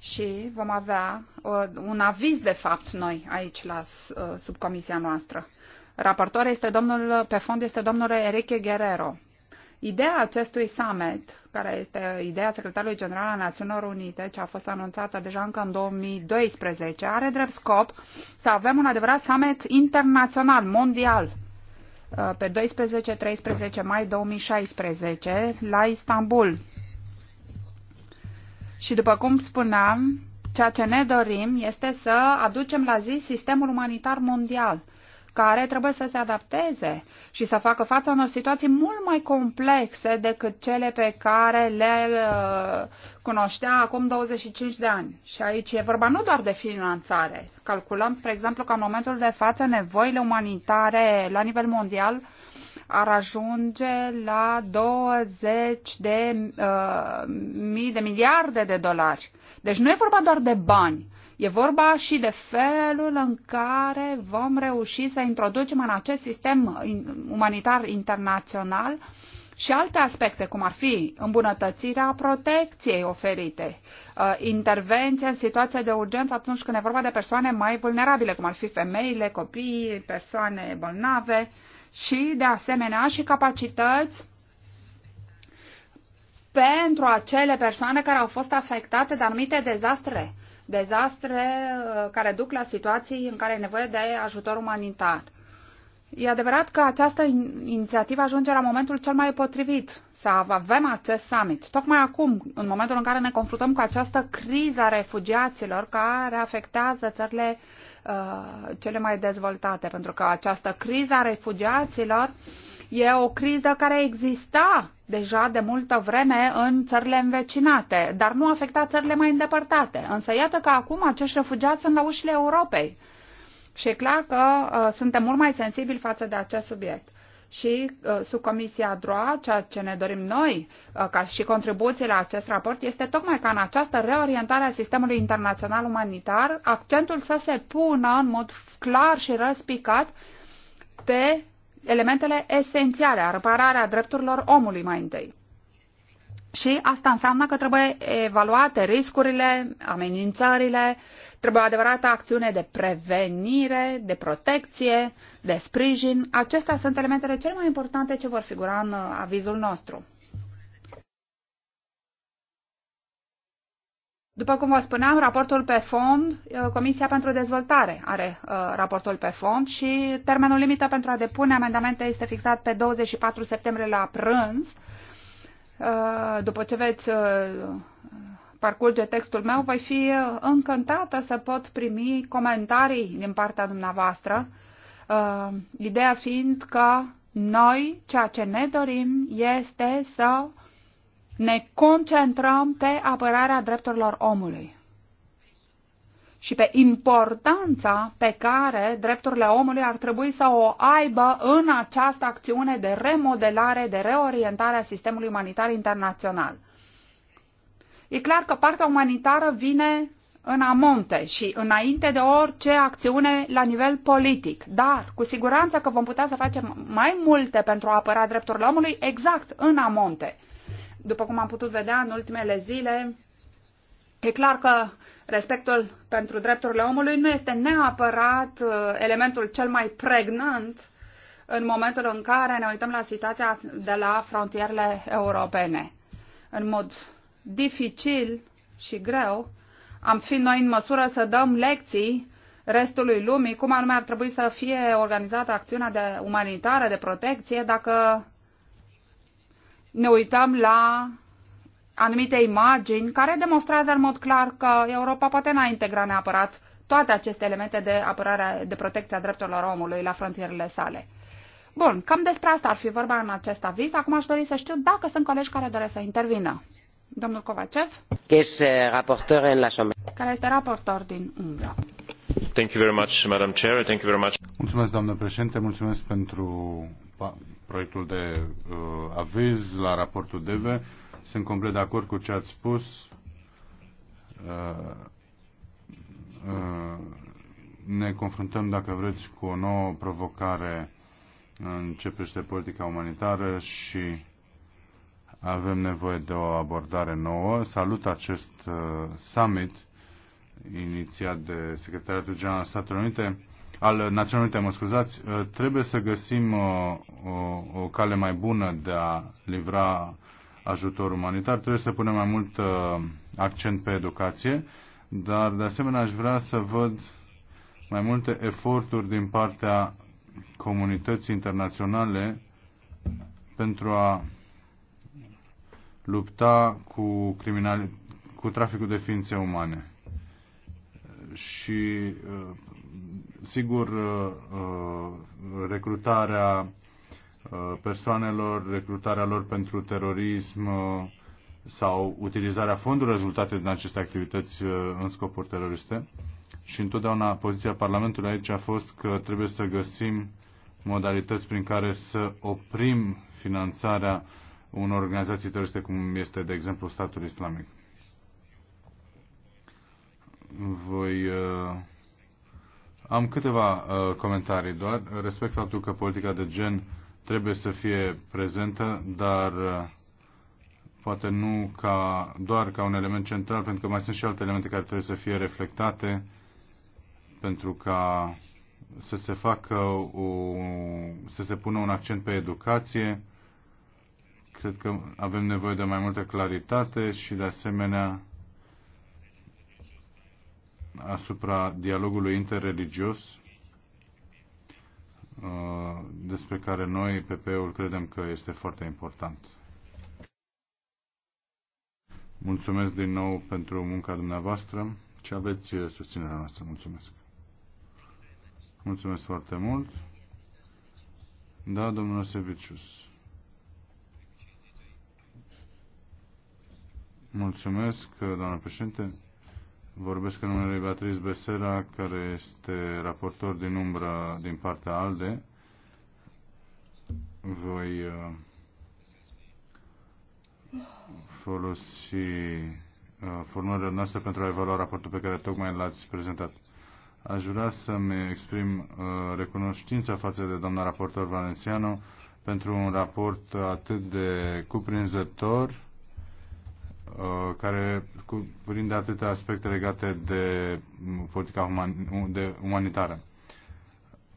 și vom avea uh, un aviz, de fapt, noi aici la uh, subcomisia noastră. Raportor este domnul, pe fond este domnul Enrique Guerrero. Ideea acestui summit, care este ideea secretarului general al Națiunilor Unite, ce a fost anunțată deja încă în 2012, are drept scop să avem un adevărat summit internațional, mondial, uh, pe 12-13 mai 2016 la Istanbul, și după cum spuneam, ceea ce ne dorim este să aducem la zi sistemul umanitar mondial, care trebuie să se adapteze și să facă față unor situații mult mai complexe decât cele pe care le uh, cunoștea acum 25 de ani. Și aici e vorba nu doar de finanțare. Calculăm, spre exemplu, că în momentul de față nevoile umanitare la nivel mondial ar ajunge la 20 de uh, mii de miliarde de dolari. Deci nu e vorba doar de bani, e vorba și de felul în care vom reuși să introducem în acest sistem umanitar internațional și alte aspecte, cum ar fi îmbunătățirea protecției oferite, uh, intervenție în situația de urgență atunci când e vorba de persoane mai vulnerabile, cum ar fi femeile, copiii, persoane bolnave, și, de asemenea, și capacități pentru acele persoane care au fost afectate de anumite dezastre, dezastre uh, care duc la situații în care e nevoie de ajutor umanitar. E adevărat că această inițiativă ajunge la momentul cel mai potrivit să avem acest summit. Tocmai acum, în momentul în care ne confruntăm cu această criză a refugiaților care afectează țările Uh, cele mai dezvoltate, pentru că această criză a refugiaților e o criză care exista deja de multă vreme în țările învecinate, dar nu afecta țările mai îndepărtate. Însă iată că acum acești refugiați sunt la ușile Europei. Și e clar că uh, suntem mult mai sensibili față de acest subiect și uh, subcomisia DROA, ceea ce ne dorim noi uh, ca și contribuții la acest raport, este tocmai ca în această reorientare a sistemului internațional umanitar, accentul să se pună în mod clar și răspicat pe elementele esențiale, repararea drepturilor omului mai întâi. Și asta înseamnă că trebuie evaluate riscurile, amenințările, uh, Trebuie o adevărată acțiune de prevenire, de protecție, de sprijin. Acestea sunt elementele cele mai importante ce vor figura în uh, avizul nostru. După cum vă spuneam, raportul pe fond, uh, Comisia pentru Dezvoltare are uh, raportul pe fond și termenul limită pentru a depune amendamente este fixat pe 24 septembrie la prânz. Uh, după ce veți uh, parcurge textul meu, voi fi uh, încântată să pot primi comentarii din partea dumneavoastră, uh, ideea fiind că noi ceea ce ne dorim este să ne concentrăm pe apărarea drepturilor omului și pe importanța pe care drepturile omului ar trebui să o aibă în această acțiune de remodelare, de reorientare a sistemului umanitar internațional. E clar că partea umanitară vine în amonte și înainte de orice acțiune la nivel politic. Dar cu siguranță că vom putea să facem mai multe pentru a apăra drepturile omului exact în amonte. După cum am putut vedea în ultimele zile, e clar că respectul pentru drepturile omului nu este neapărat uh, elementul cel mai pregnant în momentul în care ne uităm la situația de la frontierele europene. În mod dificil și greu am fi noi în măsură să dăm lecții restului lumii cum anume ar trebui să fie organizată acțiunea de umanitară, de protecție, dacă ne uităm la anumite imagini care demonstrează în mod clar că Europa poate n-a integrat neapărat toate aceste elemente de apărare, de protecție a drepturilor omului la frontierele sale. Bun, cam despre asta ar fi vorba în acest aviz. Acum aș dori să știu dacă sunt colegi care doresc să intervină. Domnul Kovacev, care este raportor din umbră. Thank you very much, Madam Chair. Thank you very much. Mulțumesc, doamnă președinte. Mulțumesc pentru proiectul de uh, aviz la raportul DEVE. Sunt complet de acord cu ce ați spus. Uh, uh, ne confruntăm, dacă vreți, cu o nouă provocare în ce privește politica umanitară și avem nevoie de o abordare nouă. Salut acest uh, summit inițiat de Secretariatul General al Statelor Unite, al Națiunilor Unite, mă scuzați, uh, trebuie să găsim o, uh, o, o cale mai bună de a livra ajutor umanitar. Trebuie să punem mai mult accent pe educație, dar de asemenea aș vrea să văd mai multe eforturi din partea comunității internaționale pentru a lupta cu, criminali, cu traficul de ființe umane. Și, uh, sigur, uh, uh, recrutarea persoanelor, recrutarea lor pentru terorism sau utilizarea fondurilor rezultate din aceste activități în scopuri teroriste. Și întotdeauna poziția Parlamentului aici a fost că trebuie să găsim modalități prin care să oprim finanțarea unor organizații teroriste cum este, de exemplu, statul islamic. Voi, uh, am câteva uh, comentarii doar. Respect faptul că politica de gen trebuie să fie prezentă, dar uh, poate nu ca, doar ca un element central, pentru că mai sunt și alte elemente care trebuie să fie reflectate pentru ca să se facă o, să se pună un accent pe educație, Cred că avem nevoie de mai multă claritate și, de asemenea, asupra dialogului interreligios uh, despre care noi, PP-ul, credem că este foarte important. Mulțumesc din nou pentru munca dumneavoastră și aveți uh, susținerea noastră. Mulțumesc. Mulțumesc foarte mult. Da, domnul Sevicius. Mulțumesc, doamnă președinte. Vorbesc în numele lui Beatriz Besera, care este raportor din umbră din partea ALDE. Voi uh, folosi uh, formularea noastră pentru a evalua raportul pe care tocmai l-ați prezentat. Aș vrea să-mi exprim uh, recunoștința față de doamna raportor Valenciano pentru un raport atât de cuprinzător Uh, care cuprinde atâtea aspecte legate de politica uman, de umanitară.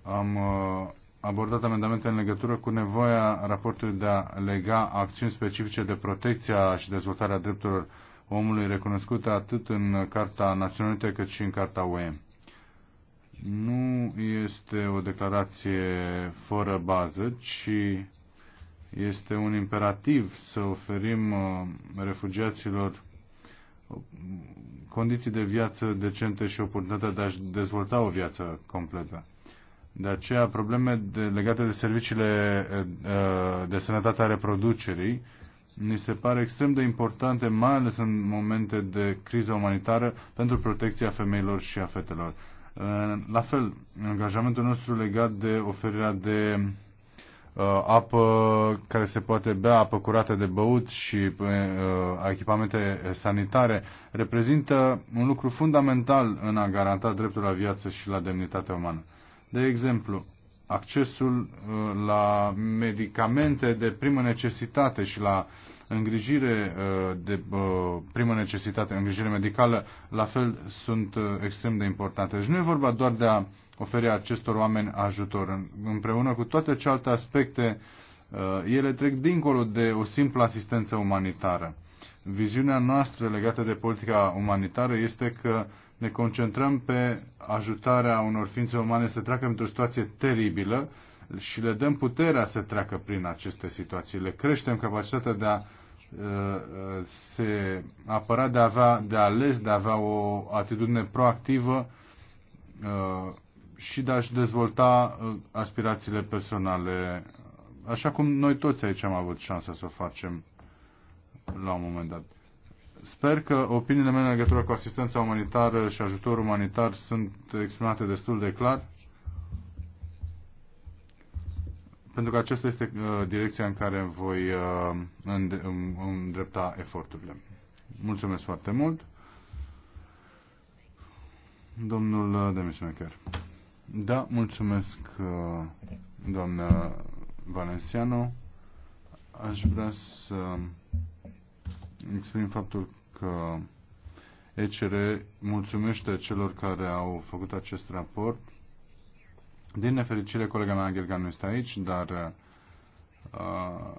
Am uh, abordat amendamente în legătură cu nevoia raportului de a lega acțiuni specifice de protecția și dezvoltarea drepturilor omului recunoscute atât în Carta Naționalită cât și în Carta UE. Nu este o declarație fără bază, ci este un imperativ să oferim uh, refugiaților uh, condiții de viață decente și oportunitatea de a-și dezvolta o viață completă. De aceea, probleme de, legate de serviciile uh, de sănătate a reproducerii ni se pare extrem de importante, mai ales în momente de criză umanitară, pentru protecția femeilor și a fetelor. La fel, angajamentul nostru legat de oferirea de Uh, apă care se poate bea, apă curată de băut și uh, echipamente sanitare, reprezintă un lucru fundamental în a garanta dreptul la viață și la demnitatea umană. De exemplu, accesul uh, la medicamente de primă necesitate și la uh, îngrijire uh, de uh, primă necesitate, îngrijire medicală, la fel sunt uh, extrem de importante. Deci nu e vorba doar de a oferi acestor oameni ajutor. Împreună cu toate celelalte aspecte, ele trec dincolo de o simplă asistență umanitară. Viziunea noastră legată de politica umanitară este că ne concentrăm pe ajutarea unor ființe umane să treacă într-o situație teribilă și le dăm puterea să treacă prin aceste situații. Le creștem capacitatea de a Uh, se apăra de a, avea, de a ales, de a avea o atitudine proactivă uh, și de a-și dezvolta uh, aspirațiile personale, așa cum noi toți aici am avut șansa să o facem la un moment dat. Sper că opiniile mele în legătură cu asistența umanitară și ajutorul umanitar sunt exprimate destul de clar pentru că aceasta este uh, direcția în care voi uh, îndrepta eforturile. Mulțumesc foarte mult. Domnul uh, Demismecher. Da, mulțumesc, uh, doamnă Valenciano. Aș vrea să exprim faptul că ECR mulțumește celor care au făcut acest raport din nefericire, colega mea Gherga nu este aici, dar uh,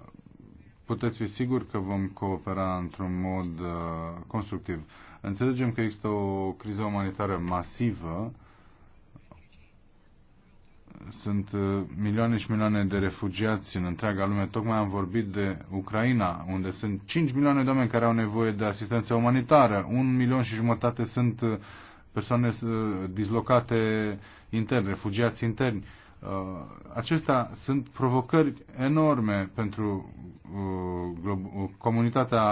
puteți fi sigur că vom coopera într-un mod uh, constructiv. Înțelegem că există o criză umanitară masivă. Sunt uh, milioane și milioane de refugiați în întreaga lume. Tocmai am vorbit de Ucraina, unde sunt 5 milioane de oameni care au nevoie de asistență umanitară. Un milion și jumătate sunt uh, persoane uh, dislocate intern, refugiați interni. Uh, acestea sunt provocări enorme pentru uh, comunitatea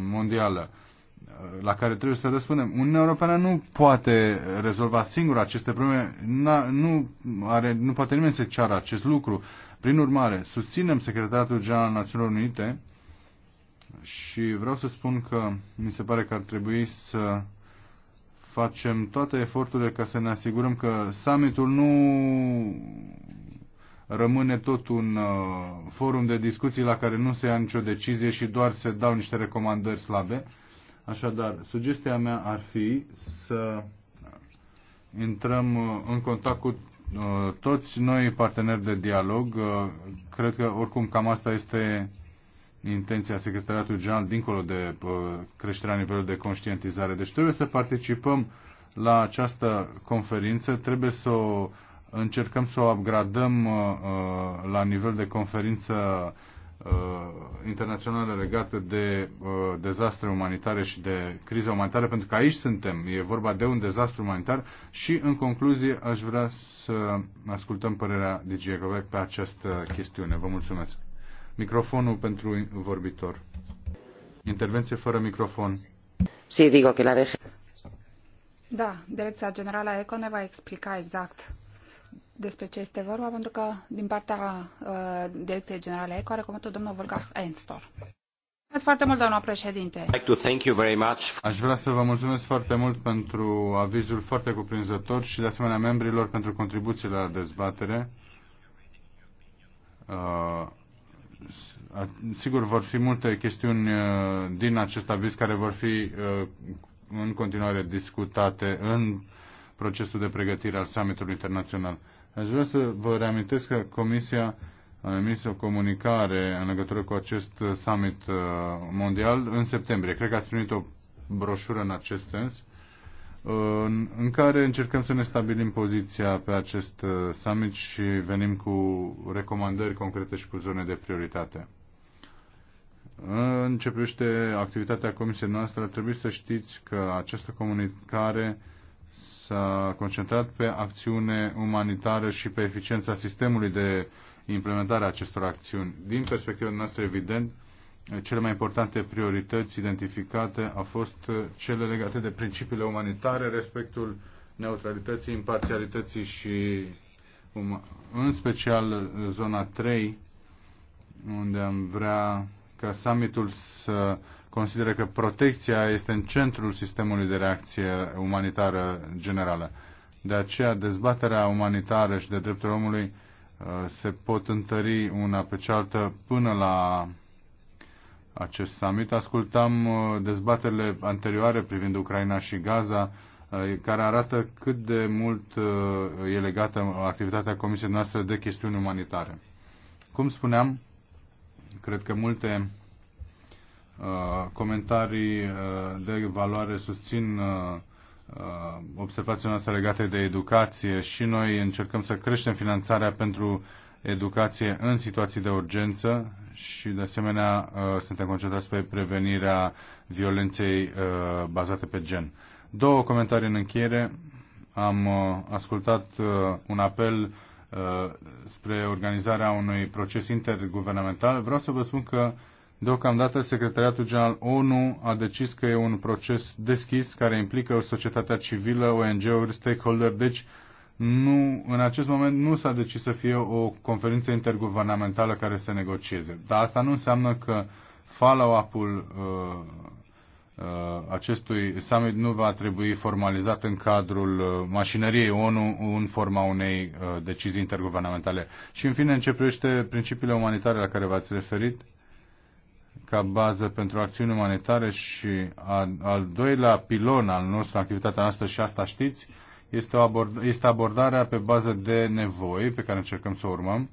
mondială la care trebuie să răspundem. Uniunea Europeană nu poate rezolva singură aceste probleme, nu, are, nu poate nimeni să ceară acest lucru. Prin urmare, susținem Secretariatul General al Națiunilor Unite și vreau să spun că mi se pare că ar trebui să facem toate eforturile ca să ne asigurăm că summitul nu rămâne tot un uh, forum de discuții la care nu se ia nicio decizie și doar se dau niște recomandări slabe. Așadar, sugestia mea ar fi să intrăm uh, în contact cu uh, toți noi parteneri de dialog. Uh, cred că oricum cam asta este intenția Secretariatului General dincolo de uh, creșterea nivelului de conștientizare. Deci trebuie să participăm la această conferință, trebuie să o încercăm să o upgradăm uh, uh, la nivel de conferință internațională legată de dezastre umanitare și de criza umanitară, pentru că aici suntem. E vorba de un dezastru umanitar și, în concluzie, aș vrea să ascultăm părerea DG Ecovec pe această chestiune. Vă mulțumesc! Microfonul pentru vorbitor. Intervenție fără microfon. Sí, digo que la deje. Da, Direcția Generală a ECO ne va explica exact despre ce este vorba, pentru că din partea uh, Direcției Generale ECO are cuvântul domnul Volga Enstor. Mulțumesc foarte mult, domnul președinte. Aș vrea să vă mulțumesc foarte mult pentru avizul foarte cuprinzător și de asemenea membrilor pentru contribuțiile la dezbatere. Uh, Sigur, vor fi multe chestiuni uh, din acest aviz care vor fi uh, în continuare discutate în procesul de pregătire al summitului internațional. Aș vrea să vă reamintesc că Comisia a emis o comunicare în legătură cu acest summit uh, mondial în septembrie. Cred că ați primit o broșură în acest sens în care încercăm să ne stabilim poziția pe acest uh, summit și venim cu recomandări concrete și cu zone de prioritate. În ce privește activitatea comisiei noastre, ar trebui să știți că această comunicare s-a concentrat pe acțiune umanitară și pe eficiența sistemului de implementare a acestor acțiuni. Din perspectiva noastră, evident, cele mai importante priorități identificate au fost uh, cele legate de principiile umanitare, respectul neutralității, imparțialității și în special uh, zona 3, unde am vrea ca summitul să consideră că protecția este în centrul sistemului de reacție umanitară generală. De aceea, dezbaterea umanitară și de drepturile omului uh, se pot întări una pe cealaltă până la acest summit. Ascultam uh, dezbaterile anterioare privind Ucraina și Gaza, uh, care arată cât de mult uh, e legată activitatea Comisiei noastre de chestiuni umanitare. Cum spuneam, cred că multe comentarii de valoare susțin observația noastră legată de educație și noi încercăm să creștem finanțarea pentru educație în situații de urgență și, de asemenea, uh, suntem concentrați pe prevenirea violenței uh, bazate pe gen. Două comentarii în încheiere. Am uh, ascultat un apel spre organizarea unui proces interguvernamental. Vreau să vă spun că Deocamdată, Secretariatul General ONU a decis că e un proces deschis care implică o societatea civilă, ONG-uri, stakeholder, deci nu, în acest moment nu s-a decis să fie o conferință interguvernamentală care să negocieze. Dar asta nu înseamnă că follow-up-ul uh, uh, acestui summit nu va trebui formalizat în cadrul uh, mașinăriei ONU în forma unei uh, decizii interguvernamentale. Și în fine, începește principiile umanitare la care v-ați referit, ca bază pentru acțiuni umanitare și al, al doilea pilon al nostru, activitatea noastră și asta știți, este, o abord, este abordarea pe bază de nevoi pe care încercăm să o urmăm.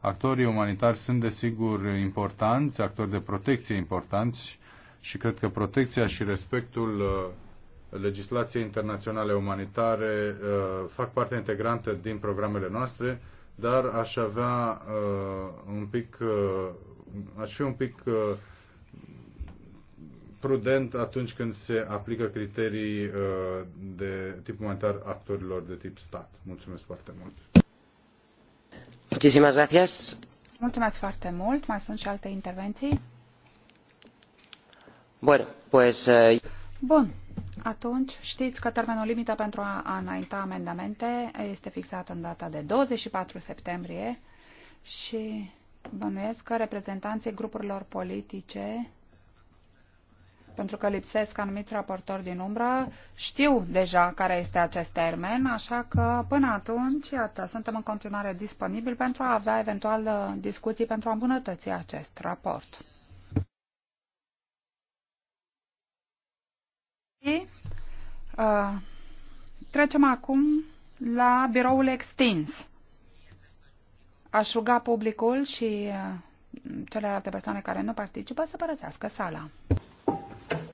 Actorii umanitari sunt desigur importanți, actori de protecție importanți și cred că protecția și respectul uh, legislației internaționale umanitare uh, fac parte integrantă din programele noastre, dar aș avea uh, un pic, aș fi un pic prudent atunci când se aplică criterii uh, de tip umanitar actorilor de tip stat. Mulțumesc foarte mult. Muchísimas gracias. Mulțumesc foarte mult. Mai sunt și alte intervenții? Bueno, pues... Eh, Bun. Atunci, știți că termenul limită pentru a înainta amendamente este fixat în data de 24 septembrie și bănuiesc că reprezentanții grupurilor politice pentru că lipsesc anumiți raportori din umbră, știu deja care este acest termen, așa că până atunci, iată, suntem în continuare disponibili pentru a avea eventual uh, discuții pentru a îmbunătăți acest raport. Și, uh, trecem acum la biroul extins. Aș ruga publicul și uh, celelalte persoane care nu participă să părăsească sala.